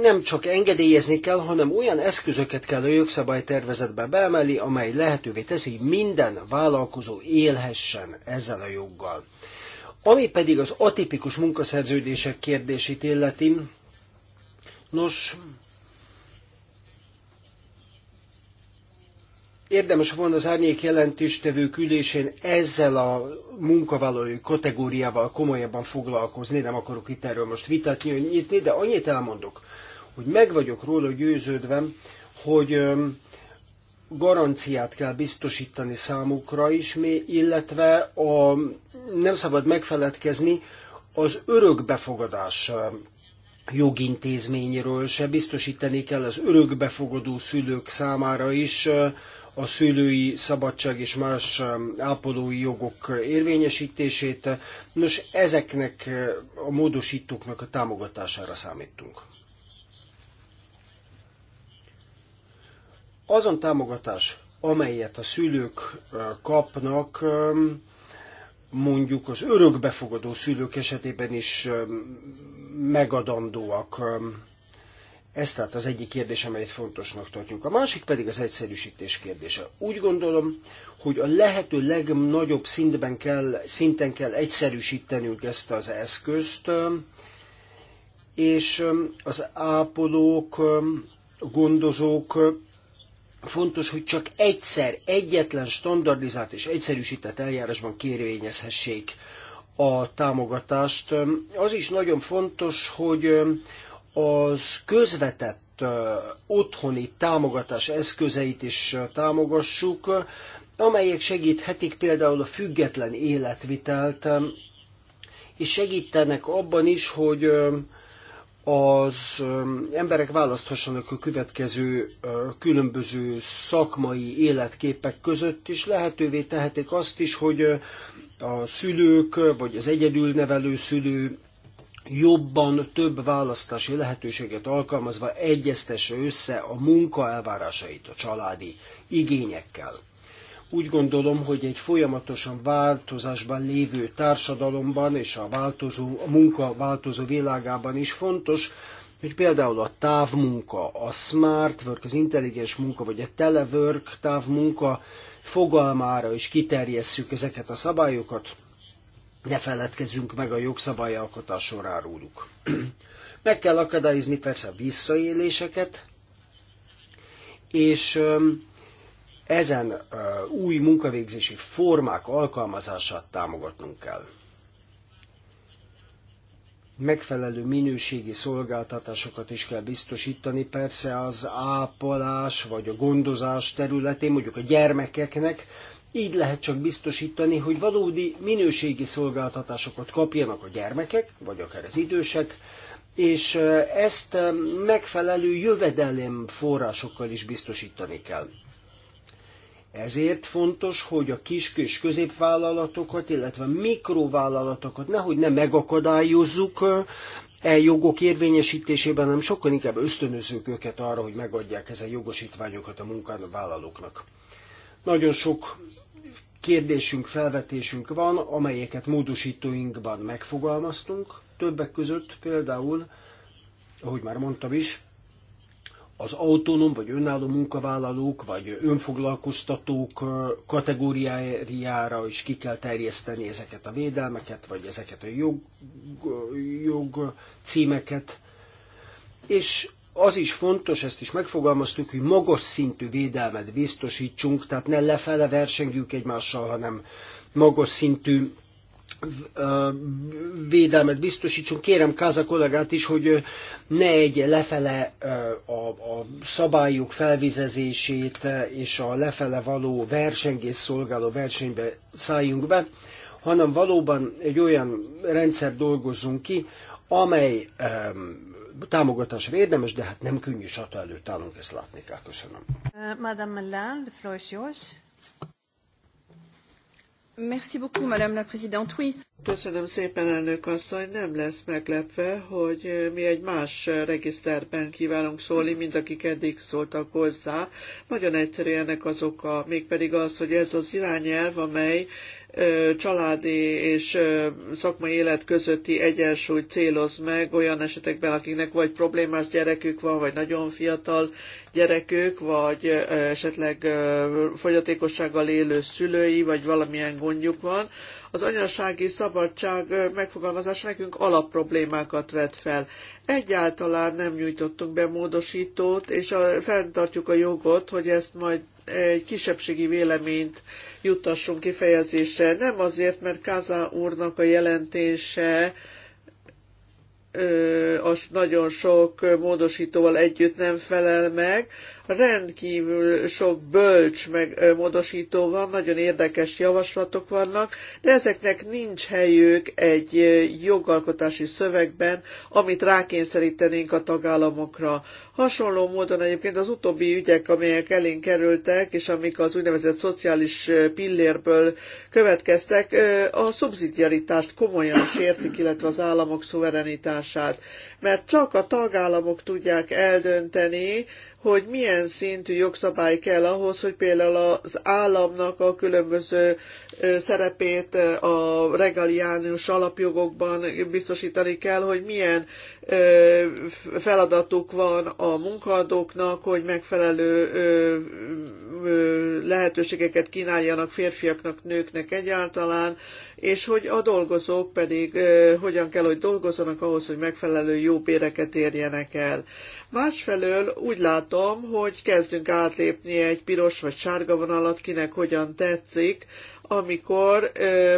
nem csak engedélyezni kell, hanem olyan eszközöket kell a jogszabálytervezetbe beemelni, amely lehetővé teszi, hogy minden vállalkozó élhessen ezzel a joggal. Ami pedig az atipikus munkaszerződések kérdését illeti, nos, érdemes volna az árnyék jelentéstevő ülésén ezzel a munkavállalói kategóriával komolyabban foglalkozni, nem akarok itt erről most vitatni, nyitni, de annyit elmondok, hogy meg vagyok róla győződve, hogy garanciát kell biztosítani számukra is, illetve a, nem szabad megfeledkezni az örökbefogadás jogintézményről se biztosítani kell az örökbefogadó szülők számára is a szülői szabadság és más ápolói jogok érvényesítését. Nos, ezeknek a módosítóknak a támogatására számítunk. Azon támogatás, amelyet a szülők kapnak, mondjuk az örökbefogadó szülők esetében is megadandóak. Ez tehát az egyik kérdés, amelyet fontosnak tartjuk. A másik pedig az egyszerűsítés kérdése. Úgy gondolom, hogy a lehető legnagyobb szintben kell, szinten kell egyszerűsítenünk ezt az eszközt, és az ápolók, gondozók fontos, hogy csak egyszer, egyetlen standardizált és egyszerűsített eljárásban kérvényezhessék a támogatást. Az is nagyon fontos, hogy az közvetett otthoni támogatás eszközeit is támogassuk, amelyek segíthetik például a független életvitelt, és segítenek abban is, hogy az emberek választhassanak a következő különböző szakmai életképek között, és lehetővé tehetik azt is, hogy a szülők, vagy az egyedülnevelő szülő jobban több választási lehetőséget alkalmazva egyeztesse össze a munka elvárásait a családi igényekkel. Úgy gondolom, hogy egy folyamatosan változásban lévő társadalomban és a, változó, a munka változó világában is fontos, hogy például a távmunka, a smart work, az intelligens munka, vagy a telework távmunka fogalmára is kiterjesszük ezeket a szabályokat, ne feledkezzünk meg a jogszabályalkotás során róluk. meg kell akadályozni persze a visszaéléseket, és ezen uh, új munkavégzési formák alkalmazását támogatnunk kell. Megfelelő minőségi szolgáltatásokat is kell biztosítani, persze az ápolás vagy a gondozás területén, mondjuk a gyermekeknek, így lehet csak biztosítani, hogy valódi minőségi szolgáltatásokat kapjanak a gyermekek, vagy akár az idősek, és uh, ezt um, megfelelő jövedelem forrásokkal is biztosítani kell. Ezért fontos, hogy a kis és középvállalatokat, illetve a mikrovállalatokat nehogy ne megakadályozzuk e jogok érvényesítésében, hanem sokkal inkább ösztönözzük őket arra, hogy megadják ezen jogosítványokat a munkavállalóknak. Nagyon sok kérdésünk, felvetésünk van, amelyeket módosítóinkban megfogalmaztunk, többek között például, ahogy már mondtam is, az autonóm vagy önálló munkavállalók vagy önfoglalkoztatók kategóriájára is ki kell terjeszteni ezeket a védelmeket, vagy ezeket a jog, jog címeket. És az is fontos, ezt is megfogalmaztuk, hogy magas szintű védelmet biztosítsunk, tehát ne lefele versengjük egymással, hanem magas szintű védelmet biztosítson. Kérem Káza kollégát is, hogy ne egy lefele a, a szabályok felvizezését és a lefele való versengés szolgáló versenybe szálljunk be, hanem valóban egy olyan rendszer dolgozzunk ki, amely támogatásra érdemes, de hát nem könnyű csata előtt állunk, ezt látni kell. Köszönöm. Madame Melan, the floor is yours. Merci beaucoup, Madame la Présidente. Oui. Köszönöm szépen, elnök asszony. Nem lesz meglepve, hogy eh, mi egy más eh, regiszterben kívánunk szólni, mint akik eddig szóltak hozzá. Nagyon egyszerű ennek az oka, mégpedig az, hogy ez az irányelv, amely családi és szakmai élet közötti egyensúlyt céloz meg olyan esetekben, akiknek vagy problémás gyerekük van, vagy nagyon fiatal gyerekük, vagy esetleg fogyatékossággal élő szülői, vagy valamilyen gondjuk van. Az anyasági szabadság megfogalmazása nekünk alapproblémákat vet fel. Egyáltalán nem nyújtottunk be módosítót, és a, fenntartjuk a jogot, hogy ezt majd egy kisebbségi véleményt juttassunk kifejezésre. Nem azért, mert Káza úrnak a jelentése az nagyon sok módosítóval együtt nem felel meg, Rendkívül sok bölcs meg módosító van, nagyon érdekes javaslatok vannak, de ezeknek nincs helyük egy jogalkotási szövegben, amit rákényszerítenénk a tagállamokra. Hasonló módon egyébként az utóbbi ügyek, amelyek elén kerültek, és amik az úgynevezett szociális pillérből következtek, a szubszidiaritást komolyan sértik, illetve az államok szuverenitását. Mert csak a tagállamok tudják eldönteni, hogy milyen szintű jogszabály kell ahhoz, hogy például az államnak a különböző szerepét a regaliánus alapjogokban biztosítani kell, hogy milyen feladatuk van a munkaadóknak, hogy megfelelő lehetőségeket kínáljanak férfiaknak, nőknek egyáltalán, és hogy a dolgozók pedig hogyan kell, hogy dolgozzanak ahhoz, hogy megfelelő jó béreket érjenek el. Másfelől úgy látom, hogy kezdünk átlépni egy piros vagy sárga vonalat, kinek hogyan tetszik, amikor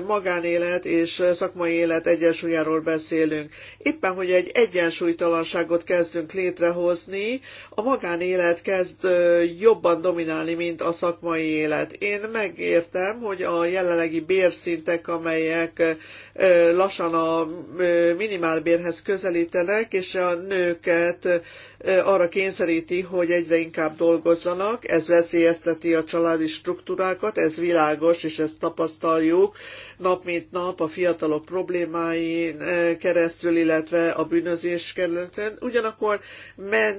magánélet és szakmai élet egyensúlyáról beszélünk. Éppen, hogy egy egyensúlytalanságot kezdünk létrehozni, a magánélet kezd jobban dominálni, mint a szakmai élet. Én megértem, hogy a jelenlegi bérszintek, amelyek lassan a minimálbérhez közelítenek, és a nőket arra kényszeríti, hogy egyre inkább dolgozzanak, ez veszélyezteti a családi struktúrákat, ez világos, és ezt tapasztaljuk nap mint nap a fiatalok problémáin keresztül, illetve a bűnözés kerületen. Ugyanakkor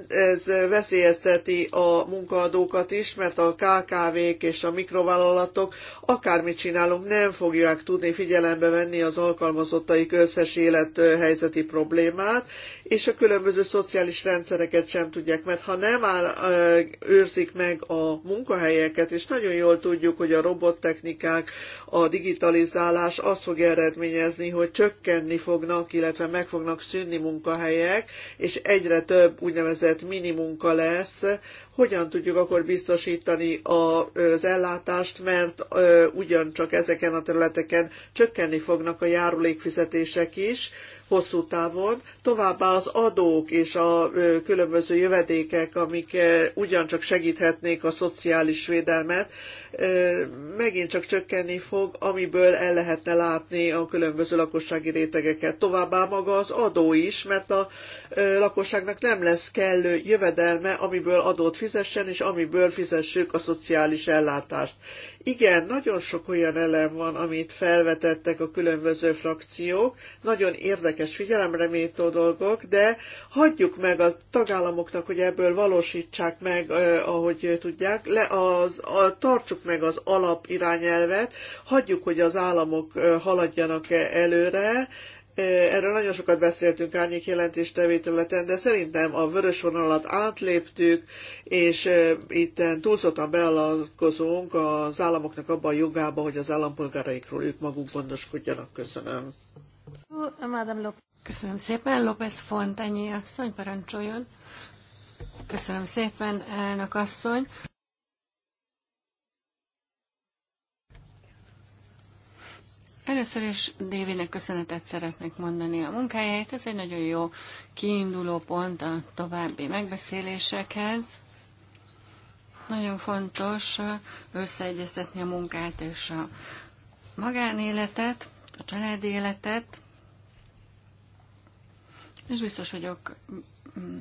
ez veszélyezteti a munkaadókat is, mert a KKV-k és a mikrovállalatok akármit csinálunk, nem fogják tudni figyelembe venni az alkalmazottaik összes élethelyzeti problémát, és a különböző szociális rendszerek ezeket sem tudják, mert ha nem áll, őrzik meg a munkahelyeket, és nagyon jól tudjuk, hogy a robottechnikák, a digitalizálás azt fog eredményezni, hogy csökkenni fognak, illetve meg fognak szűnni munkahelyek, és egyre több úgynevezett minimunka lesz, hogyan tudjuk akkor biztosítani az ellátást, mert ugyancsak ezeken a területeken csökkenni fognak a járulékfizetések is, hosszú távon, továbbá az adók és a különböző jövedékek, amik ugyancsak segíthetnék a szociális védelmet, megint csak csökkenni fog, amiből el lehetne látni a különböző lakossági rétegeket. Továbbá maga az adó is, mert a lakosságnak nem lesz kellő jövedelme, amiből adót fizessen, és amiből fizessük a szociális ellátást. Igen, nagyon sok olyan elem van, amit felvetettek a különböző frakciók, nagyon érdekes figyelemre méltó dolgok, de hagyjuk meg a tagállamoknak, hogy ebből valósítsák meg, ahogy tudják, le az, a, tartsuk meg az alapirányelvet, hagyjuk, hogy az államok haladjanak előre, Erről nagyon sokat beszéltünk árnyék jelentés területen, de szerintem a vörös vonalat átléptük, és itt túlszottan beállalkozunk az államoknak abba a jogába, hogy az állampolgáraikról ők maguk gondoskodjanak. Köszönöm. Köszönöm szépen, López Fontányi asszony, parancsoljon. Köszönöm szépen, elnök asszony. Először is Dévinek köszönetet szeretnék mondani a munkájáért. Ez egy nagyon jó kiinduló pont a további megbeszélésekhez. Nagyon fontos összeegyeztetni a munkát és a magánéletet, a családi életet, és biztos vagyok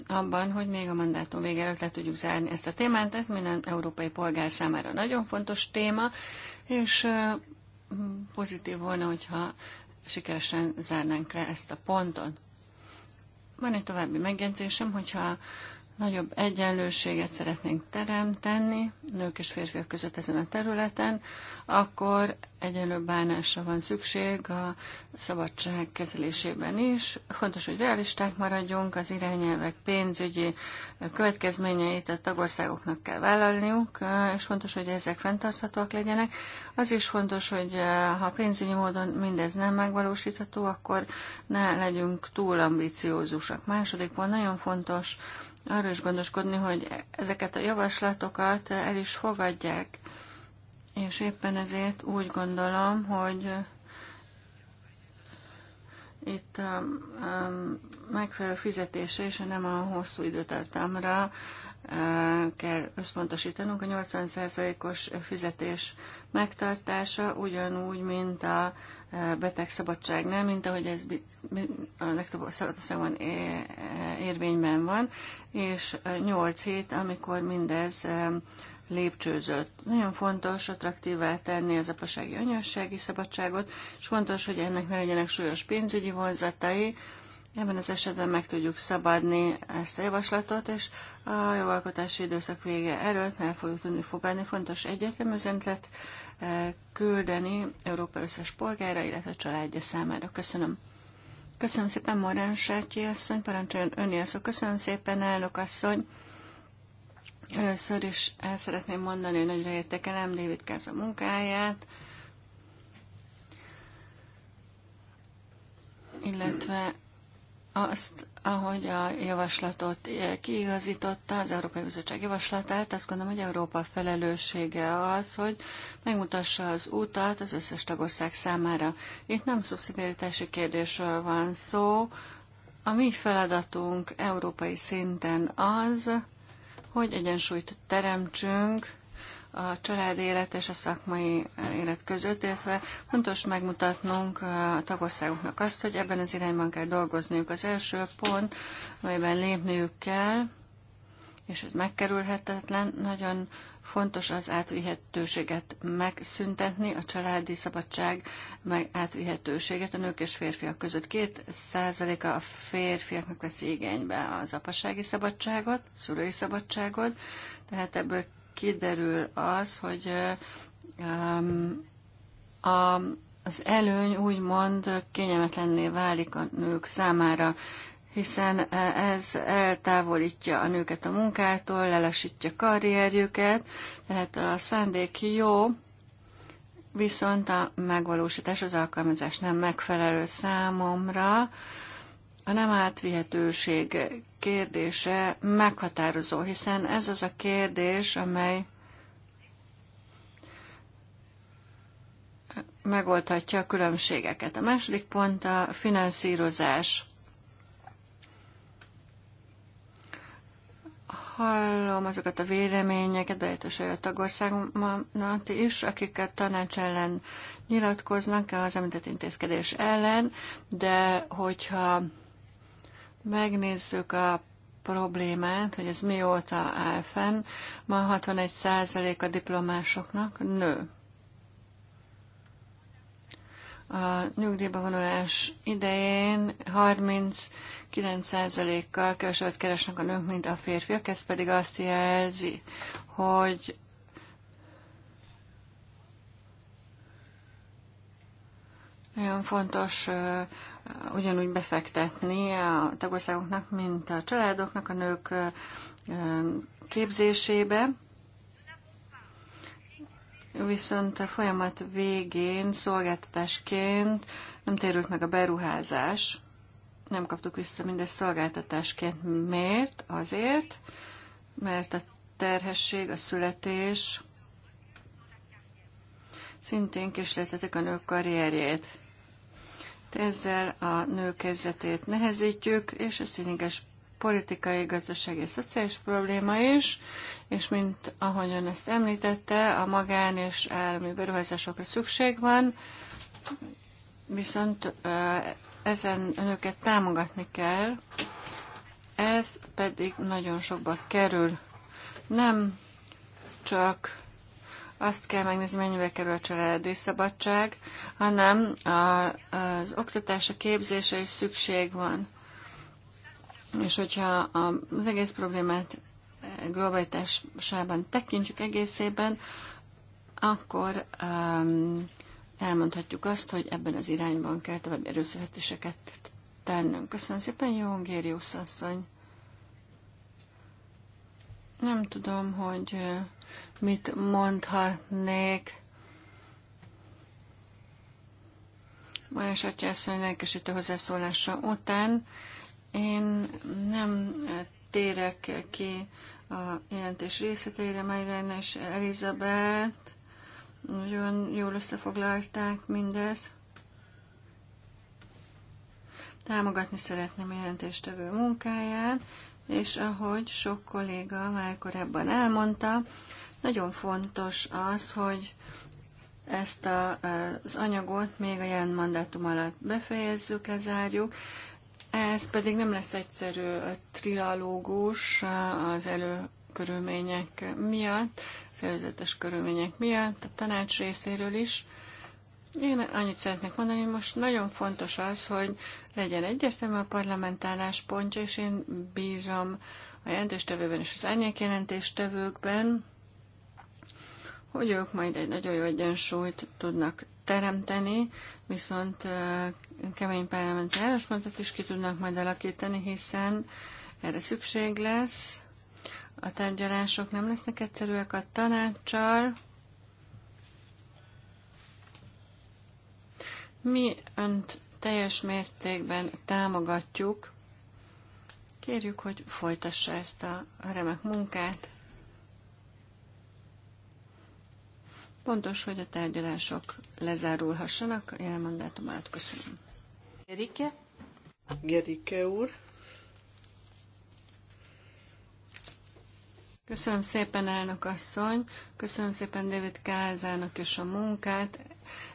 abban, hogy még a mandátum vége előtt le tudjuk zárni ezt a témát. Ez minden európai polgár számára nagyon fontos téma, és pozitív volna, hogyha sikeresen zárnánk le ezt a pontot. Van egy további megjegyzésem, hogyha Nagyobb egyenlőséget szeretnénk teremteni nők és férfiak között ezen a területen, akkor egyenlő bánásra van szükség a szabadság kezelésében is. Fontos, hogy realisták maradjunk, az irányelvek pénzügyi következményeit a tagországoknak kell vállalniuk, és fontos, hogy ezek fenntarthatóak legyenek. Az is fontos, hogy eh, ha pénzügyi módon mindez nem megvalósítható, akkor ne legyünk túl ambiciózusak. Második pont nagyon fontos, arra is gondoskodni, hogy ezeket a javaslatokat el is fogadják. És éppen ezért úgy gondolom, hogy itt a, a megfelelő fizetése és nem a hosszú időtartamra kell összpontosítanunk. A 80%-os fizetés megtartása ugyanúgy, mint a e, betegszabadságnál, mint ahogy ez a legtöbb országban e, érvényben van, és 8 e, hét, amikor mindez lépcsőzött. Nagyon fontos attraktívá tenni az apasági anyassági szabadságot, és fontos, hogy ennek ne legyenek súlyos pénzügyi vonzatai, Ebben az esetben meg tudjuk szabadni ezt a javaslatot, és a jogalkotási időszak vége előtt el fogjuk tudni fogadni. Fontos egyetlen üzenetet eh, küldeni Európa összes polgára, illetve a családja számára. Köszönöm. Köszönöm szépen, Morán Sátyi asszony, parancsoljon önnél szó. Köszönöm szépen, elnök asszony. Először is el szeretném mondani, hogy nagyra értekelem David Káz a munkáját, illetve azt, ahogy a javaslatot eh, kiigazította, az Európai Bizottság javaslatát, azt gondolom, hogy Európa felelőssége az, hogy megmutassa az utat az összes tagország számára. Itt nem szubszidiaritási kérdésről van szó. A mi feladatunk európai szinten az, hogy egyensúlyt teremtsünk a család élet és a szakmai élet között, illetve fontos megmutatnunk a tagországoknak azt, hogy ebben az irányban kell dolgozniuk. Az első pont, amelyben lépniük kell, és ez megkerülhetetlen, nagyon fontos az átvihetőséget megszüntetni, a családi szabadság meg átvihetőséget a nők és férfiak között. Két százaléka a férfiaknak veszi igénybe az apasági szabadságot, szülői szabadságot, tehát ebből kiderül az, hogy um, a, az előny úgymond kényelmetlenné válik a nők számára, hiszen eh, ez eltávolítja a nőket a munkától, lelassítja karrierjüket, tehát a szándék jó, viszont a megvalósítás, az alkalmazás nem megfelelő számomra, a nem átvihetőség kérdése meghatározó, hiszen ez az a kérdés, amely megoldhatja a különbségeket. A második pont a finanszírozás. Hallom azokat a véleményeket, bejtősei a tagországomat is, akiket tanács ellen nyilatkoznak az említett intézkedés ellen, de hogyha megnézzük a problémát, hogy ez mióta áll fenn, ma 61% a diplomásoknak nő. A nyugdíjba vonulás idején 39%-kal kevesebbet keresnek a nők, mint a férfiak, ez pedig azt jelzi, hogy nagyon fontos ugyanúgy befektetni a tagországoknak, mint a családoknak, a nők képzésébe. Viszont a folyamat végén szolgáltatásként nem térült meg a beruházás. Nem kaptuk vissza mindezt szolgáltatásként. Miért? Azért, mert a terhesség, a születés szintén késleltetik a nők karrierjét. Ezzel a nők helyzetét nehezítjük, és ez tényleges politikai, gazdasági, szociális probléma is, és mint ahogy ön ezt említette, a magán és állami beruházásokra szükség van, viszont ezen önöket támogatni kell, ez pedig nagyon sokba kerül. Nem csak azt kell megnézni, mennyibe kerül a családi szabadság, hanem a, az oktatás, a képzése is szükség van. És hogyha az egész problémát globalitásában tekintjük egészében, akkor um, elmondhatjuk azt, hogy ebben az irányban kell további erőszaketéseket tennünk. Köszönöm szépen, jó Gériusz asszony. Nem tudom, hogy mit mondhatnék. Majos Atyászony lelkesítő hozzászólása után én nem térek ki a jelentés részletére, Mayren és Elizabeth nagyon jól összefoglalták mindezt. Támogatni szeretném a jelentéstevő munkáját, és ahogy sok kolléga már korábban elmondta, nagyon fontos az, hogy ezt a, az anyagot még a jelen mandátum alatt befejezzük, lezárjuk. Ez pedig nem lesz egyszerű a az elő körülmények miatt, az előzetes körülmények miatt, a tanács részéről is. Én annyit szeretnék mondani, hogy most nagyon fontos az, hogy legyen egyértelmű a parlamentálás pontja, és én bízom a jelentéstevőben és az árnyék jelentéstevőkben, hogy ők majd egy nagyon jó egyensúlyt tudnak teremteni, viszont kemény parlamenti álláspontot is ki tudnak majd alakítani, hiszen erre szükség lesz. A tárgyalások nem lesznek egyszerűek a tanácssal. Mi önt teljes mértékben támogatjuk. Kérjük, hogy folytassa ezt a remek munkát. Fontos, hogy a tárgyalások lezárulhassanak a jelen alatt. Köszönöm. Gerike? Gerike úr. Köszönöm szépen, elnök asszony. Köszönöm szépen David Kázának és a munkát.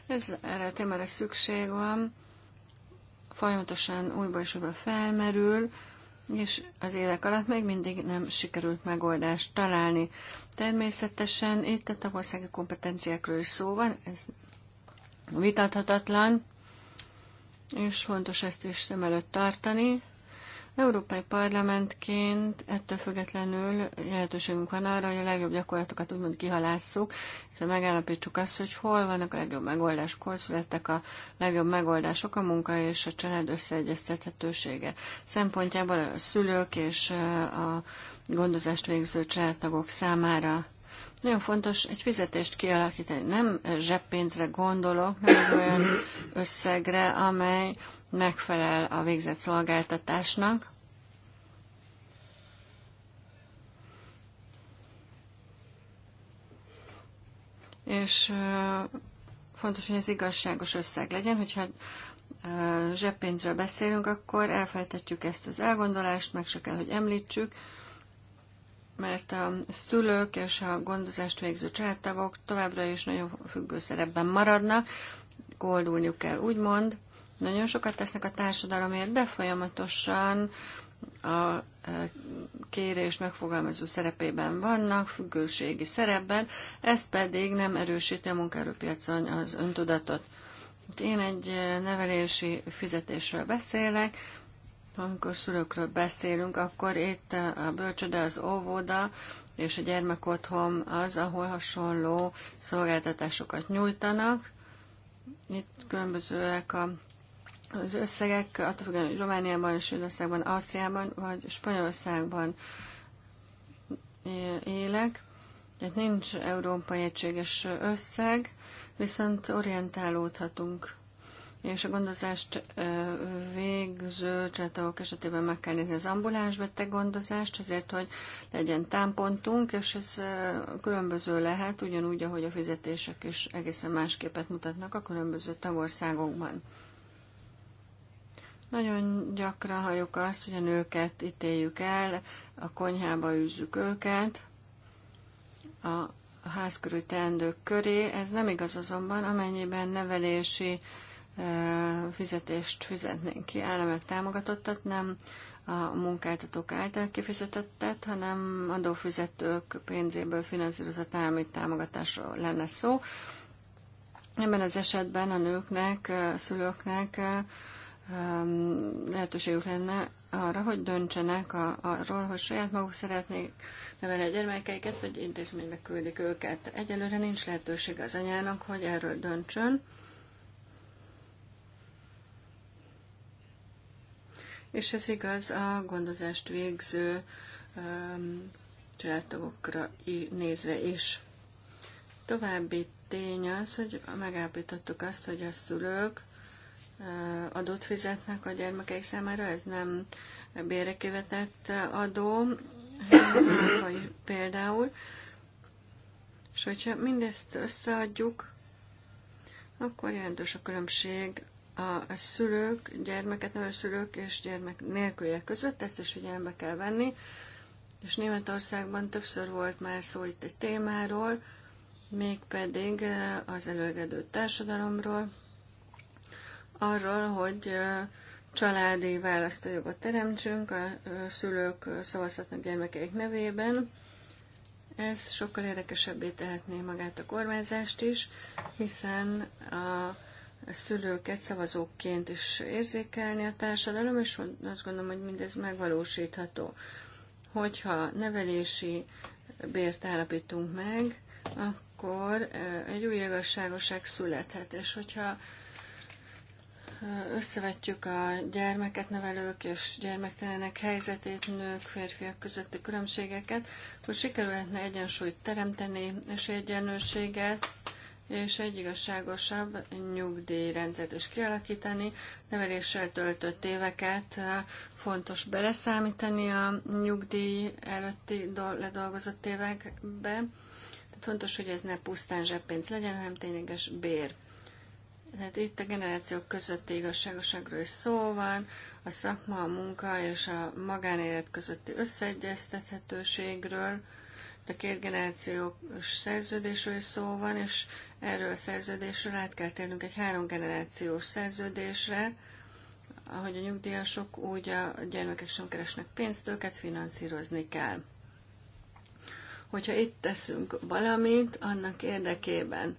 Ez, erre a témára szükség van. Folyamatosan újból és újból felmerül és az évek alatt még mindig nem sikerült megoldást találni. Természetesen itt a tagországi kompetenciákról is szó van, ez vitathatatlan, és fontos ezt is szem előtt tartani, Európai Parlamentként ettől függetlenül lehetőségünk van arra, hogy a legjobb gyakorlatokat úgymond kihalásszuk, és megállapítsuk azt, hogy hol vannak a legjobb megoldások, hol születtek a legjobb megoldások, a munka és a család összeegyeztethetősége szempontjából a szülők és a gondozást végző családtagok számára nagyon fontos egy fizetést kialakítani. Nem zseppénzre gondolok, nem olyan összegre, amely megfelel a végzett szolgáltatásnak. És fontos, hogy ez igazságos összeg legyen, hogyha zseppénzről beszélünk, akkor elfelejtetjük ezt az elgondolást, meg se kell, hogy említsük, mert a szülők és a gondozást végző családtagok továbbra is nagyon függő szerepben maradnak, koldulniuk kell, úgymond, nagyon sokat tesznek a társadalomért, de folyamatosan a e, kérés megfogalmazó szerepében vannak, függőségi szerepben, ez pedig nem erősíti a munkaerőpiacon az öntudatot. Én egy e, nevelési fizetésről beszélek, amikor szülőkről beszélünk, akkor itt a bölcsöde, az óvoda és a gyermekotthon az, ahol hasonló szolgáltatásokat nyújtanak. Itt különbözőek a az összegek, attól függően, hogy Romániában, Svédországban, Ausztriában vagy Spanyolországban élek, tehát nincs európai egységes összeg, viszont orientálódhatunk. És a gondozást végző csatok esetében meg kell nézni az ambuláns beteg gondozást, azért, hogy legyen támpontunk, és ez különböző lehet, ugyanúgy, ahogy a fizetések is egészen más képet mutatnak a különböző tagországokban. Nagyon gyakran halljuk azt, hogy a nőket ítéljük el, a konyhába űzzük őket, a házkörű teendők köré. Ez nem igaz azonban, amennyiben nevelési fizetést fizetnénk ki, államilag támogatottat, nem a munkáltatók által kifizetettet, hanem adófizetők pénzéből finanszírozott állami támogatásról lenne szó. Ebben az esetben a nőknek, a szülőknek lehetőségük lenne arra, hogy döntsenek a, arról, hogy saját maguk szeretnék nevelni a gyermekeiket, vagy intézménybe küldik őket. Egyelőre nincs lehetőség az anyának, hogy erről döntsön. És ez igaz a gondozást végző um, családtagokra nézve is. További tény az, hogy megállapítottuk azt, hogy a szülők Eh, adót fizetnek a gyermekek számára, ez nem bérekévetett adó, vagy például. És hogyha mindezt összeadjuk, akkor jelentős a különbség a szülők, gyermeket nevelő szülők és gyermek nélküliek között, ezt is figyelembe kell venni. És Németországban többször volt már szó itt egy témáról, mégpedig eh, az előregedő társadalomról, arról, hogy családi választójogot teremtsünk, a szülők szavazhatnak gyermekeik nevében. Ez sokkal érdekesebbé tehetné magát a kormányzást is, hiszen a szülőket szavazóként is érzékelni a társadalom, és azt gondolom, hogy mindez megvalósítható. Hogyha nevelési bért állapítunk meg, akkor egy új igazságoság születhet, és hogyha összevetjük a gyermeket nevelők és gyermektelenek helyzetét, nők, férfiak közötti különbségeket, hogy sikerülhetne egyensúlyt teremteni, és egyenlőséget, és egy igazságosabb nyugdíjrendszert is kialakítani. Neveléssel töltött éveket eh, fontos beleszámítani a nyugdíj előtti ledolgozott évekbe. Tehát fontos, hogy ez ne pusztán zseppénz legyen, hanem tényleges bér. Hát itt a generációk közötti igazságoságról is szó van, a szakma, a munka és a magánélet közötti összeegyeztethetőségről, a két generációs szerződésről is szó van, és erről a szerződésről át kell térnünk egy három generációs szerződésre, ahogy a nyugdíjasok, úgy a gyermekek sem keresnek pénzt, őket finanszírozni kell. Hogyha itt teszünk valamit annak érdekében,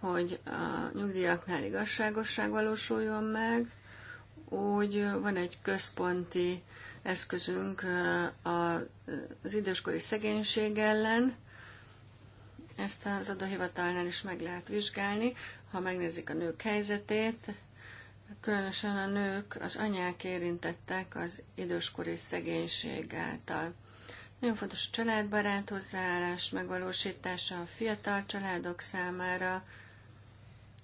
hogy a nyugdíjaknál igazságosság valósuljon meg, úgy van egy központi eszközünk az időskori szegénység ellen, ezt az adóhivatalnál is meg lehet vizsgálni, ha megnézik a nők helyzetét, különösen a nők, az anyák érintettek az időskori szegénység által. Nagyon fontos a családbarát hozzáállás megvalósítása a fiatal családok számára,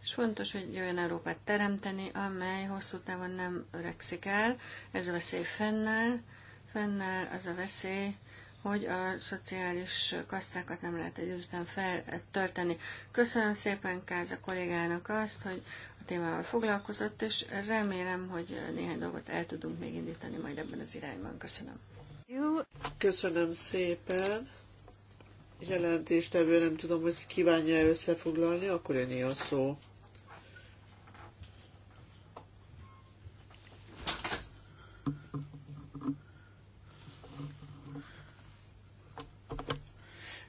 és fontos, hogy olyan Európát teremteni, amely hosszú távon nem öregszik el. Ez a veszély fennáll. Fennáll az a veszély, hogy a szociális kasztákat nem lehet egy után feltölteni. Köszönöm szépen Káza kollégának azt, hogy a témával foglalkozott, és remélem, hogy néhány dolgot el tudunk még indítani majd ebben az irányban. Köszönöm. Jó. Köszönöm szépen. Jelentéstevő, nem tudom, hogy kívánja -e összefoglalni, akkor jönné a szó.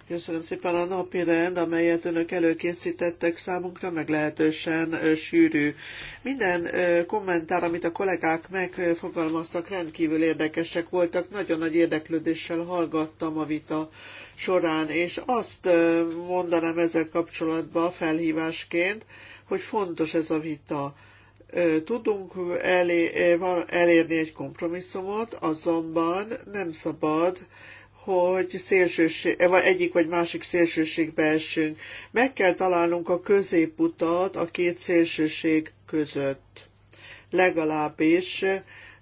Köszönöm szépen a napi rend, amelyet önök előkészítettek számunkra, meglehetősen sűrű. Minden kommentár, amit a kollégák megfogalmaztak, rendkívül érdekesek voltak. Nagyon nagy érdeklődéssel hallgattam a vita során, és azt mondanám ezzel kapcsolatban felhívásként, hogy fontos ez a vita tudunk elérni egy kompromisszumot, azonban nem szabad hogy szélsőség, eh, vagy egyik vagy másik szélsőségbe essünk. Meg kell találnunk a középutat a két szélsőség között. Legalábbis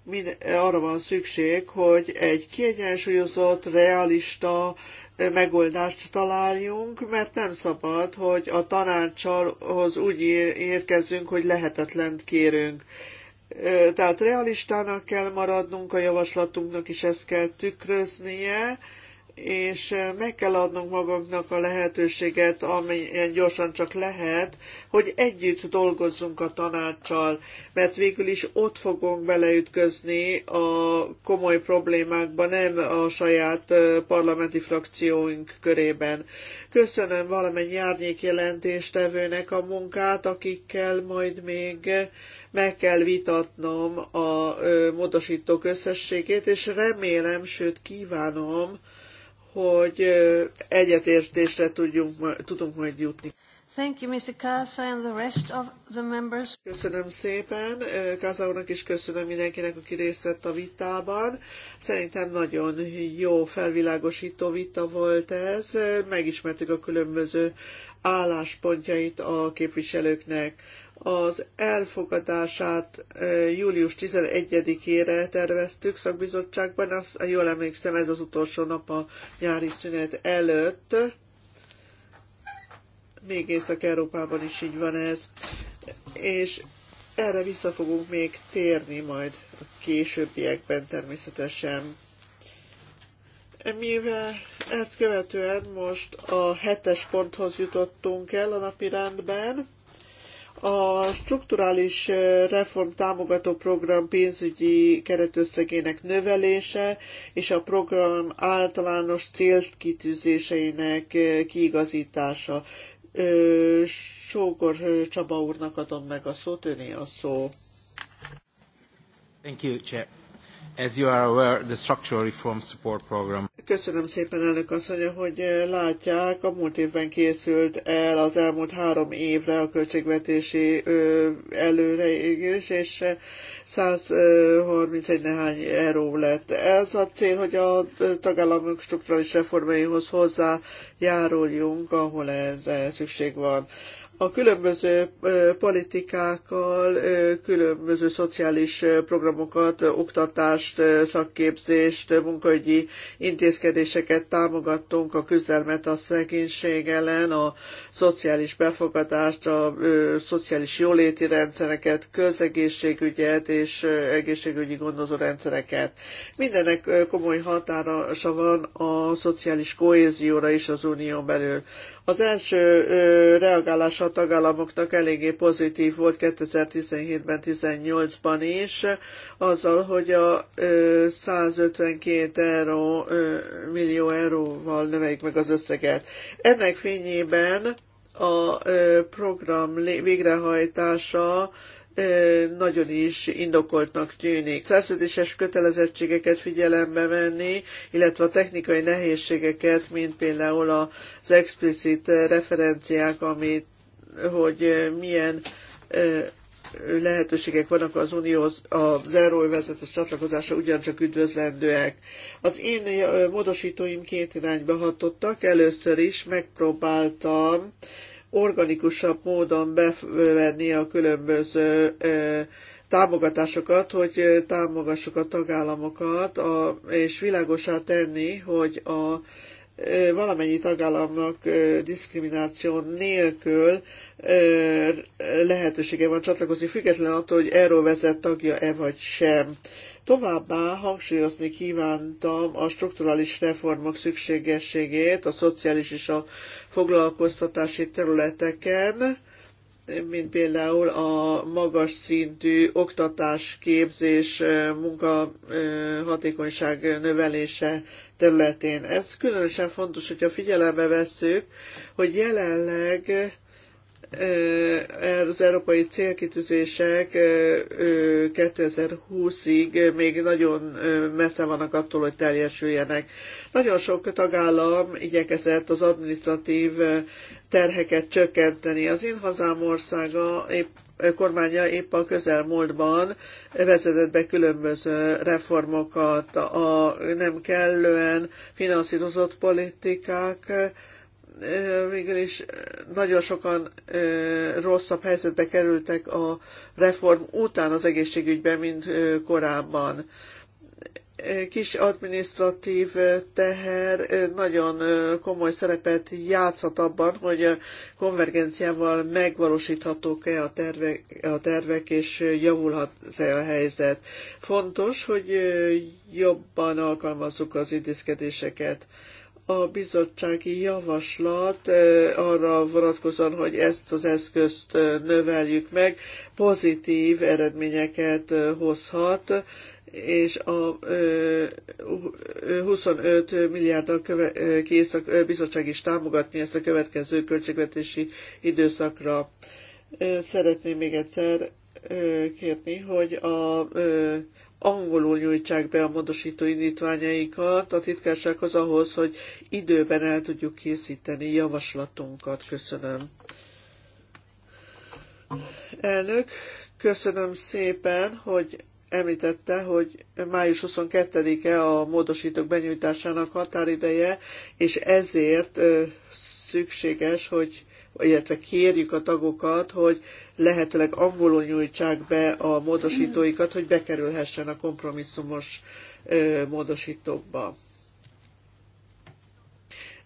mind, eh, arra van szükség, hogy egy kiegyensúlyozott, realista eh, megoldást találjunk, mert nem szabad, hogy a tanácsalhoz úgy érkezzünk, hogy lehetetlent kérünk tehát realistának kell maradnunk, a javaslatunknak is ezt kell tükröznie, és meg kell adnunk magunknak a lehetőséget, amilyen gyorsan csak lehet, hogy együtt dolgozzunk a tanácssal, mert végül is ott fogunk beleütközni a komoly problémákba, nem a saját parlamenti frakcióink körében. Köszönöm valamennyi árnyék jelentéstevőnek a munkát, akikkel majd még meg kell vitatnom a módosítók összességét, és remélem, sőt kívánom, hogy egyetértésre tudjunk, tudunk majd jutni. Thank you, Mr. Kasa and the rest of the members. Köszönöm szépen. Kasa úrnak is köszönöm mindenkinek, aki részt vett a vitában. Szerintem nagyon jó felvilágosító vita volt ez. Megismertük a különböző álláspontjait a képviselőknek az elfogadását július 11-ére terveztük szakbizottságban, azt jól emlékszem, ez az utolsó nap a nyári szünet előtt. Még Észak-Európában is így van ez. És erre vissza fogunk még térni majd a későbbiekben természetesen. Mivel ezt követően most a hetes ponthoz jutottunk el a napirendben, a strukturális reform támogató program pénzügyi keretösszegének növelése és a program általános célkitűzéseinek kiigazítása. Sógor Csaba úrnak adom meg a szót, öné a szó. Thank you, Chair. As you are aware, the structural reform support program. Köszönöm szépen, elnök asszony, hogy látják, a múlt évben készült el az elmúlt három évre a költségvetési előreégés, és 131 nehány euró lett. Ez a cél, hogy a tagállamok strukturális reformjaihoz hozzájáruljunk, ahol ez szükség van a különböző politikákkal, különböző szociális programokat, oktatást, szakképzést, munkahogyi intézkedéseket támogattunk, a küzdelmet a szegénység ellen, a szociális befogadást, a szociális jóléti rendszereket, közegészségügyet és egészségügyi gondozó rendszereket. Mindenek komoly határa van a szociális kohézióra is az unión belül. Az első reagálása a tagállamoknak eléggé pozitív volt 2017-ben, 18-ban is, azzal, hogy a 152 euró, millió euróval növeljük meg az összeget. Ennek fényében a program végrehajtása nagyon is indokoltnak tűnik. Szerződéses kötelezettségeket figyelembe venni, illetve a technikai nehézségeket, mint például az explicit referenciák, amit, hogy milyen lehetőségek vannak az unióhoz, az euróvezetes csatlakozása ugyancsak üdvözlendőek. Az én módosítóim két irányba hatottak. Először is megpróbáltam organikusabb módon bevenni a különböző támogatásokat, hogy támogassuk a tagállamokat, a, és világosá tenni, hogy a valamennyi tagállamnak diszkrimináció nélkül lehetősége van csatlakozni, független attól, hogy vezet tagja-e vagy sem. Továbbá hangsúlyozni kívántam a strukturális reformok szükségességét a szociális és a foglalkoztatási területeken, mint például a magas szintű oktatás, képzés, munka hatékonyság növelése területén. Ez különösen fontos, hogyha figyelembe vesszük, hogy jelenleg az európai célkitűzések 2020-ig még nagyon messze vannak attól, hogy teljesüljenek. Nagyon sok tagállam igyekezett az administratív terheket csökkenteni. Az én hazám országa épp kormánya épp a közelmúltban vezetett be különböző reformokat, a nem kellően finanszírozott politikák, végül is nagyon sokan rosszabb helyzetbe kerültek a reform után az egészségügyben, mint korábban. Kis administratív teher nagyon komoly szerepet játszhat abban, hogy konvergenciával megvalósíthatók-e a tervek, a tervek és javulhat-e a helyzet. Fontos, hogy jobban alkalmazzuk az intézkedéseket a bizottsági javaslat arra vonatkozóan, hogy ezt az eszközt növeljük meg, pozitív eredményeket hozhat, és a 25 milliárddal kész a bizottság is támogatni ezt a következő költségvetési időszakra. Szeretném még egyszer kérni, hogy a angolul nyújtsák be a módosító indítványaikat a titkársághoz ahhoz, hogy időben el tudjuk készíteni javaslatunkat. Köszönöm. Elnök, köszönöm szépen, hogy említette, hogy május 22-e a módosítók benyújtásának határideje, és ezért szükséges, hogy illetve kérjük a tagokat, hogy lehetőleg angolul nyújtsák be a módosítóikat, hogy bekerülhessen a kompromisszumos módosítókba.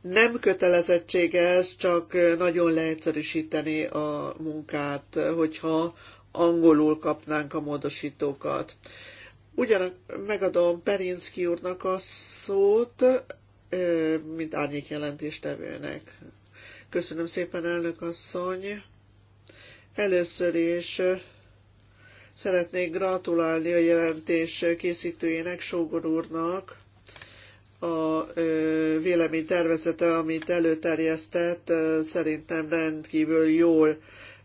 Nem kötelezettség ez, csak nagyon leegyszerűsíteni a munkát, hogyha angolul kapnánk a módosítókat. Ugyanak megadom Perinszki úrnak a szót, mint árnyék jelentéstevőnek. Köszönöm szépen, elnök asszony. Először is szeretnék gratulálni a jelentés készítőjének, Sógor úrnak, a vélemény tervezete, amit előterjesztett, szerintem rendkívül jól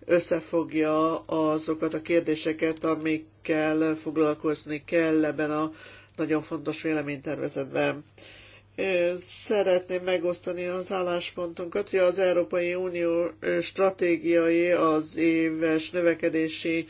összefogja azokat a kérdéseket, amikkel foglalkozni kell ebben a nagyon fontos véleménytervezetben. Szeretném megosztani az álláspontunkat, hogy az Európai Unió stratégiai az éves növekedési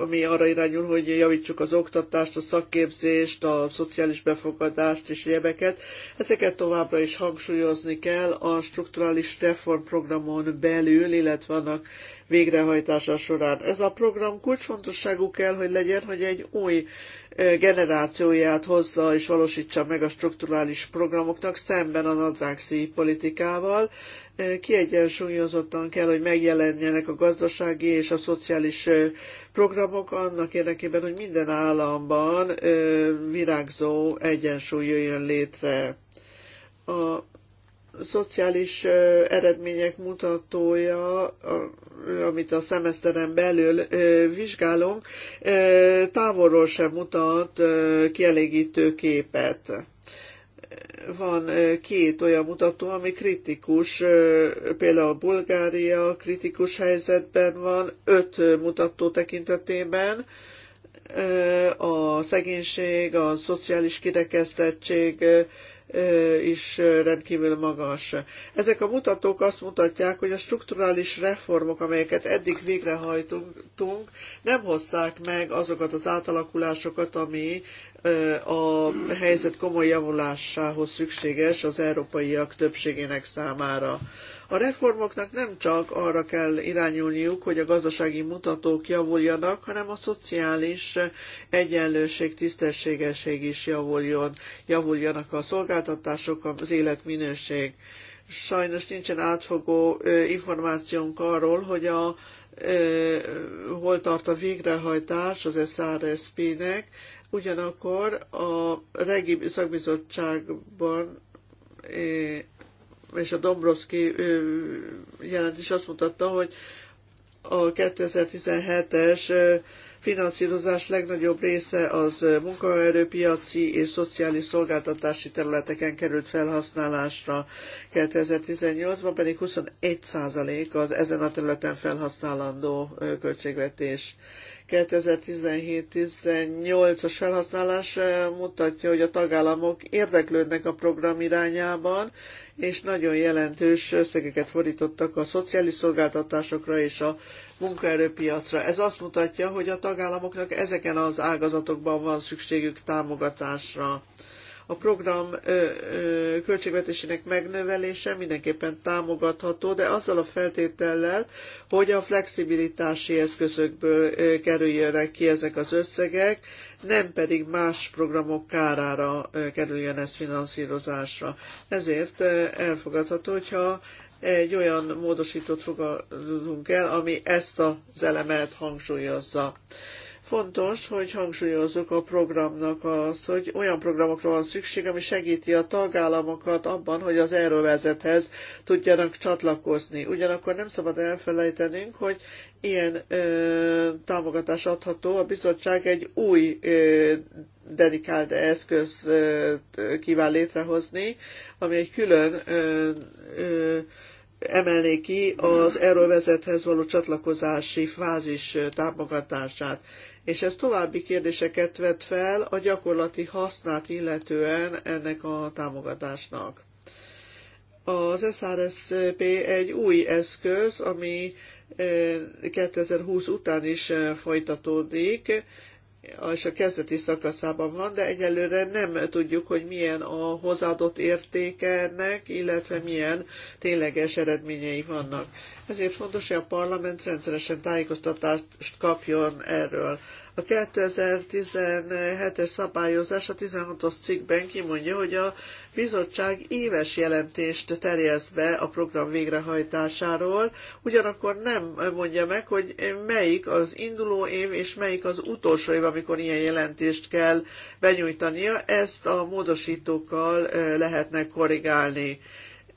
ami arra irányul, hogy javítsuk az oktatást, a szakképzést, a szociális befogadást és egyebeket. Ezeket továbbra is hangsúlyozni kell a strukturális reformprogramon belül, illetve annak végrehajtása során. Ez a program kulcsfontosságú kell, hogy legyen, hogy egy új generációját hozza és valósítsa meg a strukturális programoknak szemben a nadrágszi politikával, kiegyensúlyozottan kell, hogy megjelenjenek a gazdasági és a szociális programok annak érdekében, hogy minden államban virágzó egyensúly jöjjön létre. A szociális eredmények mutatója, amit a szemeszteren belül vizsgálunk, távolról sem mutat kielégítő képet van két olyan mutató, ami kritikus, például Bulgária kritikus helyzetben van, öt mutató tekintetében, a szegénység, a szociális kirekesztettség is rendkívül magas. Ezek a mutatók azt mutatják, hogy a strukturális reformok, amelyeket eddig végrehajtunk, nem hozták meg azokat az átalakulásokat, ami a helyzet komoly javulásához szükséges az európaiak többségének számára. A reformoknak nem csak arra kell irányulniuk, hogy a gazdasági mutatók javuljanak, hanem a szociális egyenlőség, tisztességesség is javuljon, javuljanak a szolgáltatások, az életminőség. Sajnos nincsen átfogó információnk arról, hogy a hol tart a végrehajtás az SRSP-nek, Ugyanakkor a regi szakbizottságban és a Dombrovski jelentés azt mutatta, hogy a 2017-es finanszírozás legnagyobb része az munkaerőpiaci és szociális szolgáltatási területeken került felhasználásra 2018-ban, pedig 21% az ezen a területen felhasználandó költségvetés. 2017-18-as felhasználás eh, mutatja, hogy a tagállamok érdeklődnek a program irányában, és nagyon jelentős összegeket fordítottak a szociális szolgáltatásokra és a munkaerőpiacra. Ez azt mutatja, hogy a tagállamoknak ezeken az ágazatokban van szükségük támogatásra. A program költségvetésének megnövelése mindenképpen támogatható, de azzal a feltétellel, hogy a flexibilitási eszközökből kerüljenek ki ezek az összegek, nem pedig más programok kárára kerüljön ez finanszírozásra. Ezért elfogadható, hogyha egy olyan módosítót fogadunk el, ami ezt az elemet hangsúlyozza. Fontos, hogy hangsúlyozzuk a programnak azt, hogy olyan programokra van szükség, ami segíti a tagállamokat abban, hogy az erővezethez tudjanak csatlakozni. Ugyanakkor nem szabad elfelejtenünk, hogy ilyen ö, támogatás adható. A bizottság egy új ö, dedikált eszköz ö, kíván létrehozni, ami egy külön ö, ö, emelné ki az erővezethez való csatlakozási fázis támogatását és ez további kérdéseket vet fel a gyakorlati hasznát illetően ennek a támogatásnak. Az SRSP egy új eszköz, ami eh, 2020 után is eh, folytatódik, és a kezdeti szakaszában van, de egyelőre nem tudjuk, hogy milyen a hozadott értéke ennek, illetve milyen tényleges eredményei vannak. Ezért fontos, hogy a parlament rendszeresen tájékoztatást kapjon erről. A 2017-es szabályozás a 16-os cikkben kimondja, hogy a bizottság éves jelentést terjeszt be a program végrehajtásáról, ugyanakkor nem mondja meg, hogy melyik az induló év és melyik az utolsó év, amikor ilyen jelentést kell benyújtania. Ezt a módosítókkal eh, lehetne korrigálni.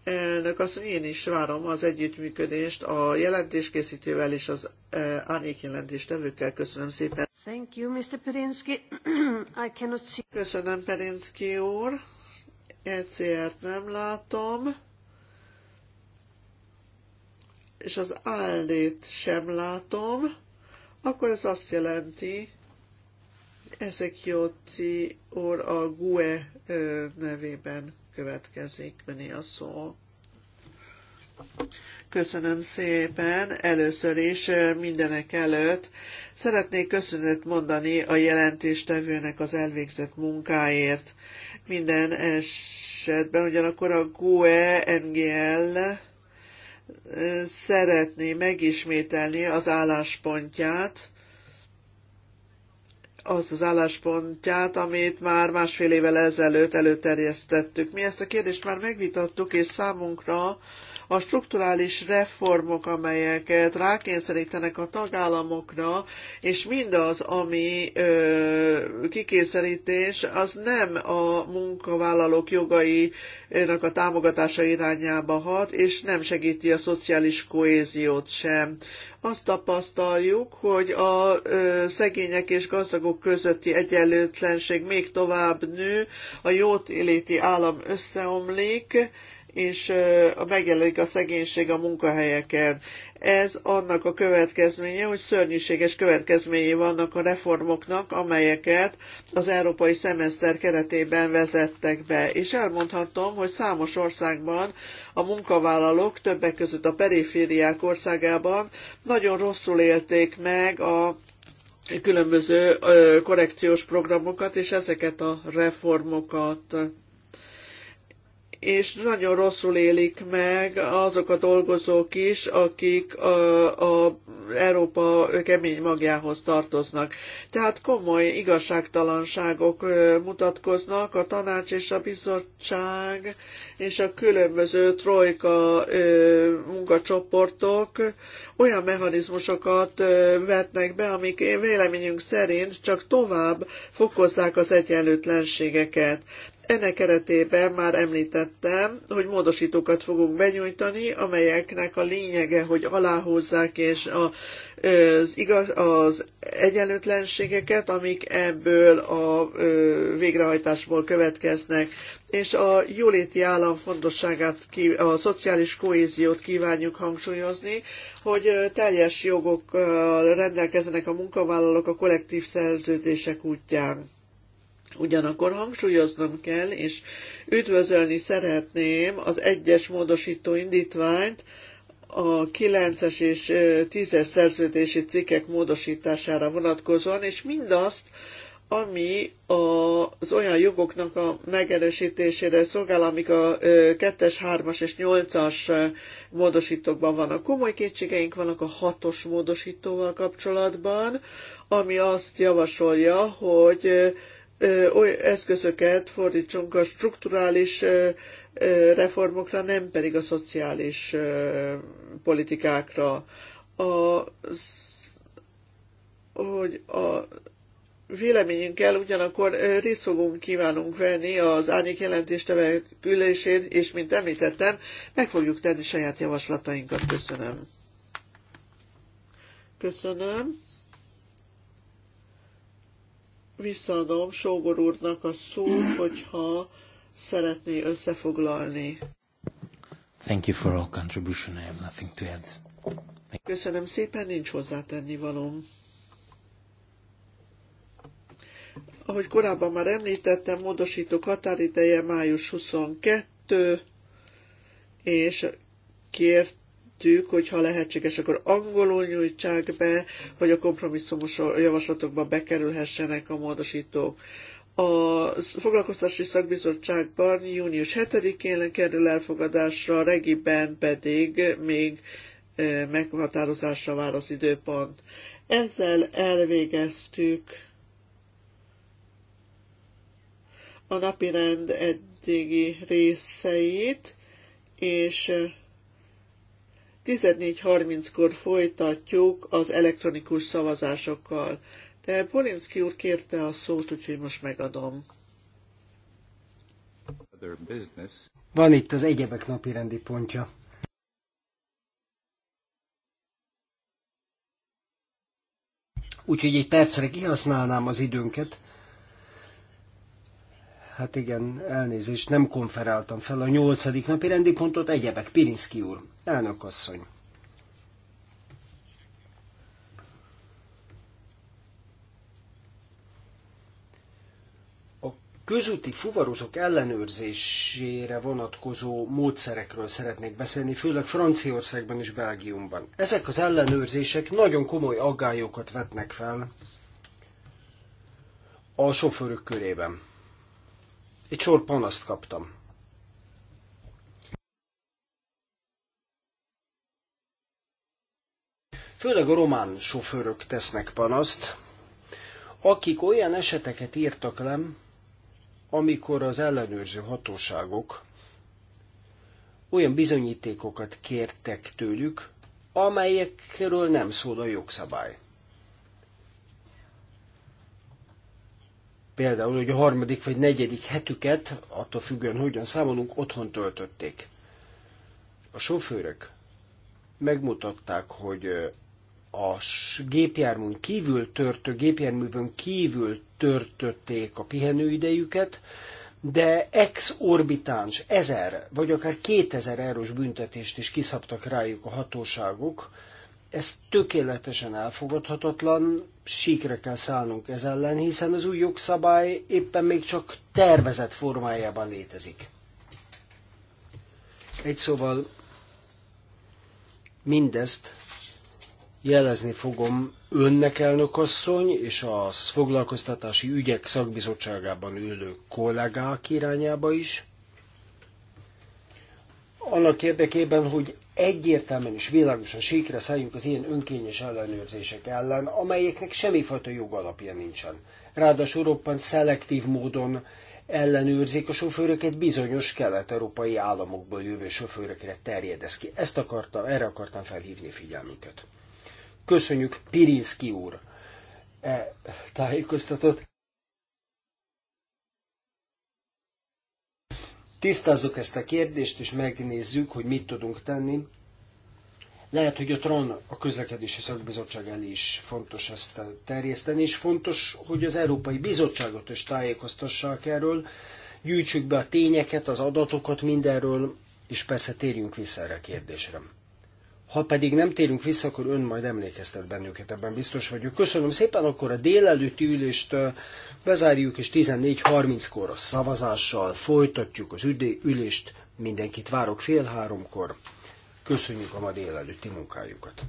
Elnök asszony, én is várom az együttműködést a jelentéskészítővel és az e, árnyék jelentéstevőkkel. Köszönöm szépen. Thank you, Mr. Perinsky. I cannot see... Köszönöm, Perinsky úr. ECR-t nem látom. És az állét sem látom. Akkor ez azt jelenti, Ezek Jóci úr a GUE nevében következik, öné a szó. Köszönöm szépen. Először is mindenek előtt szeretnék köszönet mondani a jelentéstevőnek az elvégzett munkáért. Minden esetben ugyanakkor a GUE NGL szeretné megismételni az álláspontját, az az álláspontját, amit már másfél évvel ezelőtt előterjesztettük. Mi ezt a kérdést már megvitattuk, és számunkra a strukturális reformok, amelyeket rákényszerítenek a tagállamokra, és mindaz, ami ö, kikényszerítés, az nem a munkavállalók jogainak a támogatása irányába hat, és nem segíti a szociális kohéziót sem. Azt tapasztaljuk, hogy a ö, szegények és gazdagok közötti egyenlőtlenség még tovább nő, a jót éléti állam összeomlik, és megjelenik a szegénység a munkahelyeken. Ez annak a következménye, hogy szörnyűséges következményei vannak a reformoknak, amelyeket az európai szemeszter keretében vezettek be. És elmondhatom, hogy számos országban a munkavállalók, többek között a perifériák országában nagyon rosszul élték meg a különböző korrekciós programokat és ezeket a reformokat és nagyon rosszul élik meg azok a dolgozók is, akik a, a Európa kemény magjához tartoznak. Tehát komoly igazságtalanságok mutatkoznak a tanács és a bizottság és a különböző trojka munkacsoportok olyan mechanizmusokat vetnek be, amik véleményünk szerint csak tovább fokozzák az egyenlőtlenségeket. Ennek keretében már említettem, hogy módosítókat fogunk benyújtani, amelyeknek a lényege, hogy aláhozzák és a, az, igaz, az egyenlőtlenségeket, amik ebből a végrehajtásból következnek, és a jóléti állam fontosságát, a szociális kohéziót kívánjuk hangsúlyozni, hogy teljes jogok rendelkezzenek a munkavállalók a kollektív szerződések útján Ugyanakkor hangsúlyoznom kell, és üdvözölni szeretném az egyes módosító indítványt, a 9-es és 10-es szerződési cikkek módosítására vonatkozóan, és mindazt, ami az olyan jogoknak a megerősítésére szolgál, amik a 2-es, 3-as és 8-as módosítókban vannak. Komoly kétségeink vannak a 6-os módosítóval kapcsolatban, ami azt javasolja, hogy oly eszközöket fordítsunk a strukturális reformokra, nem pedig a szociális politikákra. A, hogy a véleményünkkel ugyanakkor részt fogunk kívánunk venni az árnyék jelentéstevek ülésén, és mint említettem, meg fogjuk tenni saját javaslatainkat. Köszönöm. Köszönöm visszaadom Sógor úrnak a szót, hogyha szeretné összefoglalni. Thank you for all contribution. I have nothing to add. Köszönöm szépen, nincs hozzátenni valom. Ahogy korábban már említettem, módosítók határideje május 22, és kért kértük, hogy ha lehetséges, akkor angolul nyújtsák be, hogy a kompromisszumos javaslatokba bekerülhessenek a módosítók. A foglalkoztatási szakbizottságban június 7-én kerül elfogadásra, regiben pedig még e, meghatározásra vár az időpont. Ezzel elvégeztük a rend eddigi részeit, és 14.30-kor folytatjuk az elektronikus szavazásokkal. De Polinszki úr kérte a szót, úgyhogy most megadom. Van itt az egyebek napi rendi pontja. Úgyhogy egy percre kihasználnám az időnket, Hát igen, elnézést, nem konferáltam fel a nyolcadik napi rendi pontot, egyebek, Pirinszki úr, elnök asszony. közúti fuvarozók ellenőrzésére vonatkozó módszerekről szeretnék beszélni, főleg Franciaországban és Belgiumban. Ezek az ellenőrzések nagyon komoly aggályokat vetnek fel a sofőrök körében egy sor panaszt kaptam. Főleg a román sofőrök tesznek panaszt, akik olyan eseteket írtak le, amikor az ellenőrző hatóságok olyan bizonyítékokat kértek tőlük, amelyekről nem szól a jogszabály. például, hogy a harmadik vagy negyedik hetüket, attól függően hogyan számolunk, otthon töltötték. A sofőrök megmutatták, hogy a gépjárműn kívül törtő, gépjárművön kívül törtötték a pihenőidejüket, de exorbitáns, ezer vagy akár 2000 eurós büntetést is kiszabtak rájuk a hatóságok, ez tökéletesen elfogadhatatlan, síkre kell szállnunk ez ellen, hiszen az új jogszabály éppen még csak tervezett formájában létezik. Egy szóval mindezt jelezni fogom önnek, elnökasszony, és a foglalkoztatási ügyek szakbizottságában ülő kollégák irányába is. Annak érdekében, hogy egyértelműen és világosan sékre szálljunk az ilyen önkényes ellenőrzések ellen, amelyeknek semmifajta jogalapja nincsen. Ráadásul roppant szelektív módon ellenőrzik a sofőröket bizonyos kelet-európai államokból jövő sofőrökre terjedez ki. Ezt akarta, erre akartam felhívni figyelmüket. Köszönjük Pirinski úr e tájékoztatott. Tisztázzuk ezt a kérdést, és megnézzük, hogy mit tudunk tenni. Lehet, hogy a TRON, a közlekedési szakbizottság el is fontos ezt terjeszteni, és fontos, hogy az Európai Bizottságot is tájékoztassák erről, gyűjtsük be a tényeket, az adatokat mindenről, és persze térjünk vissza erre a kérdésre. Ha pedig nem térünk vissza, akkor ön majd emlékeztet bennünket, ebben biztos vagyok. Köszönöm szépen, akkor a délelőtti ülést bezárjuk, és 14.30-kor a szavazással folytatjuk az ülést. Mindenkit várok fél háromkor. Köszönjük a ma délelőtti munkájukat.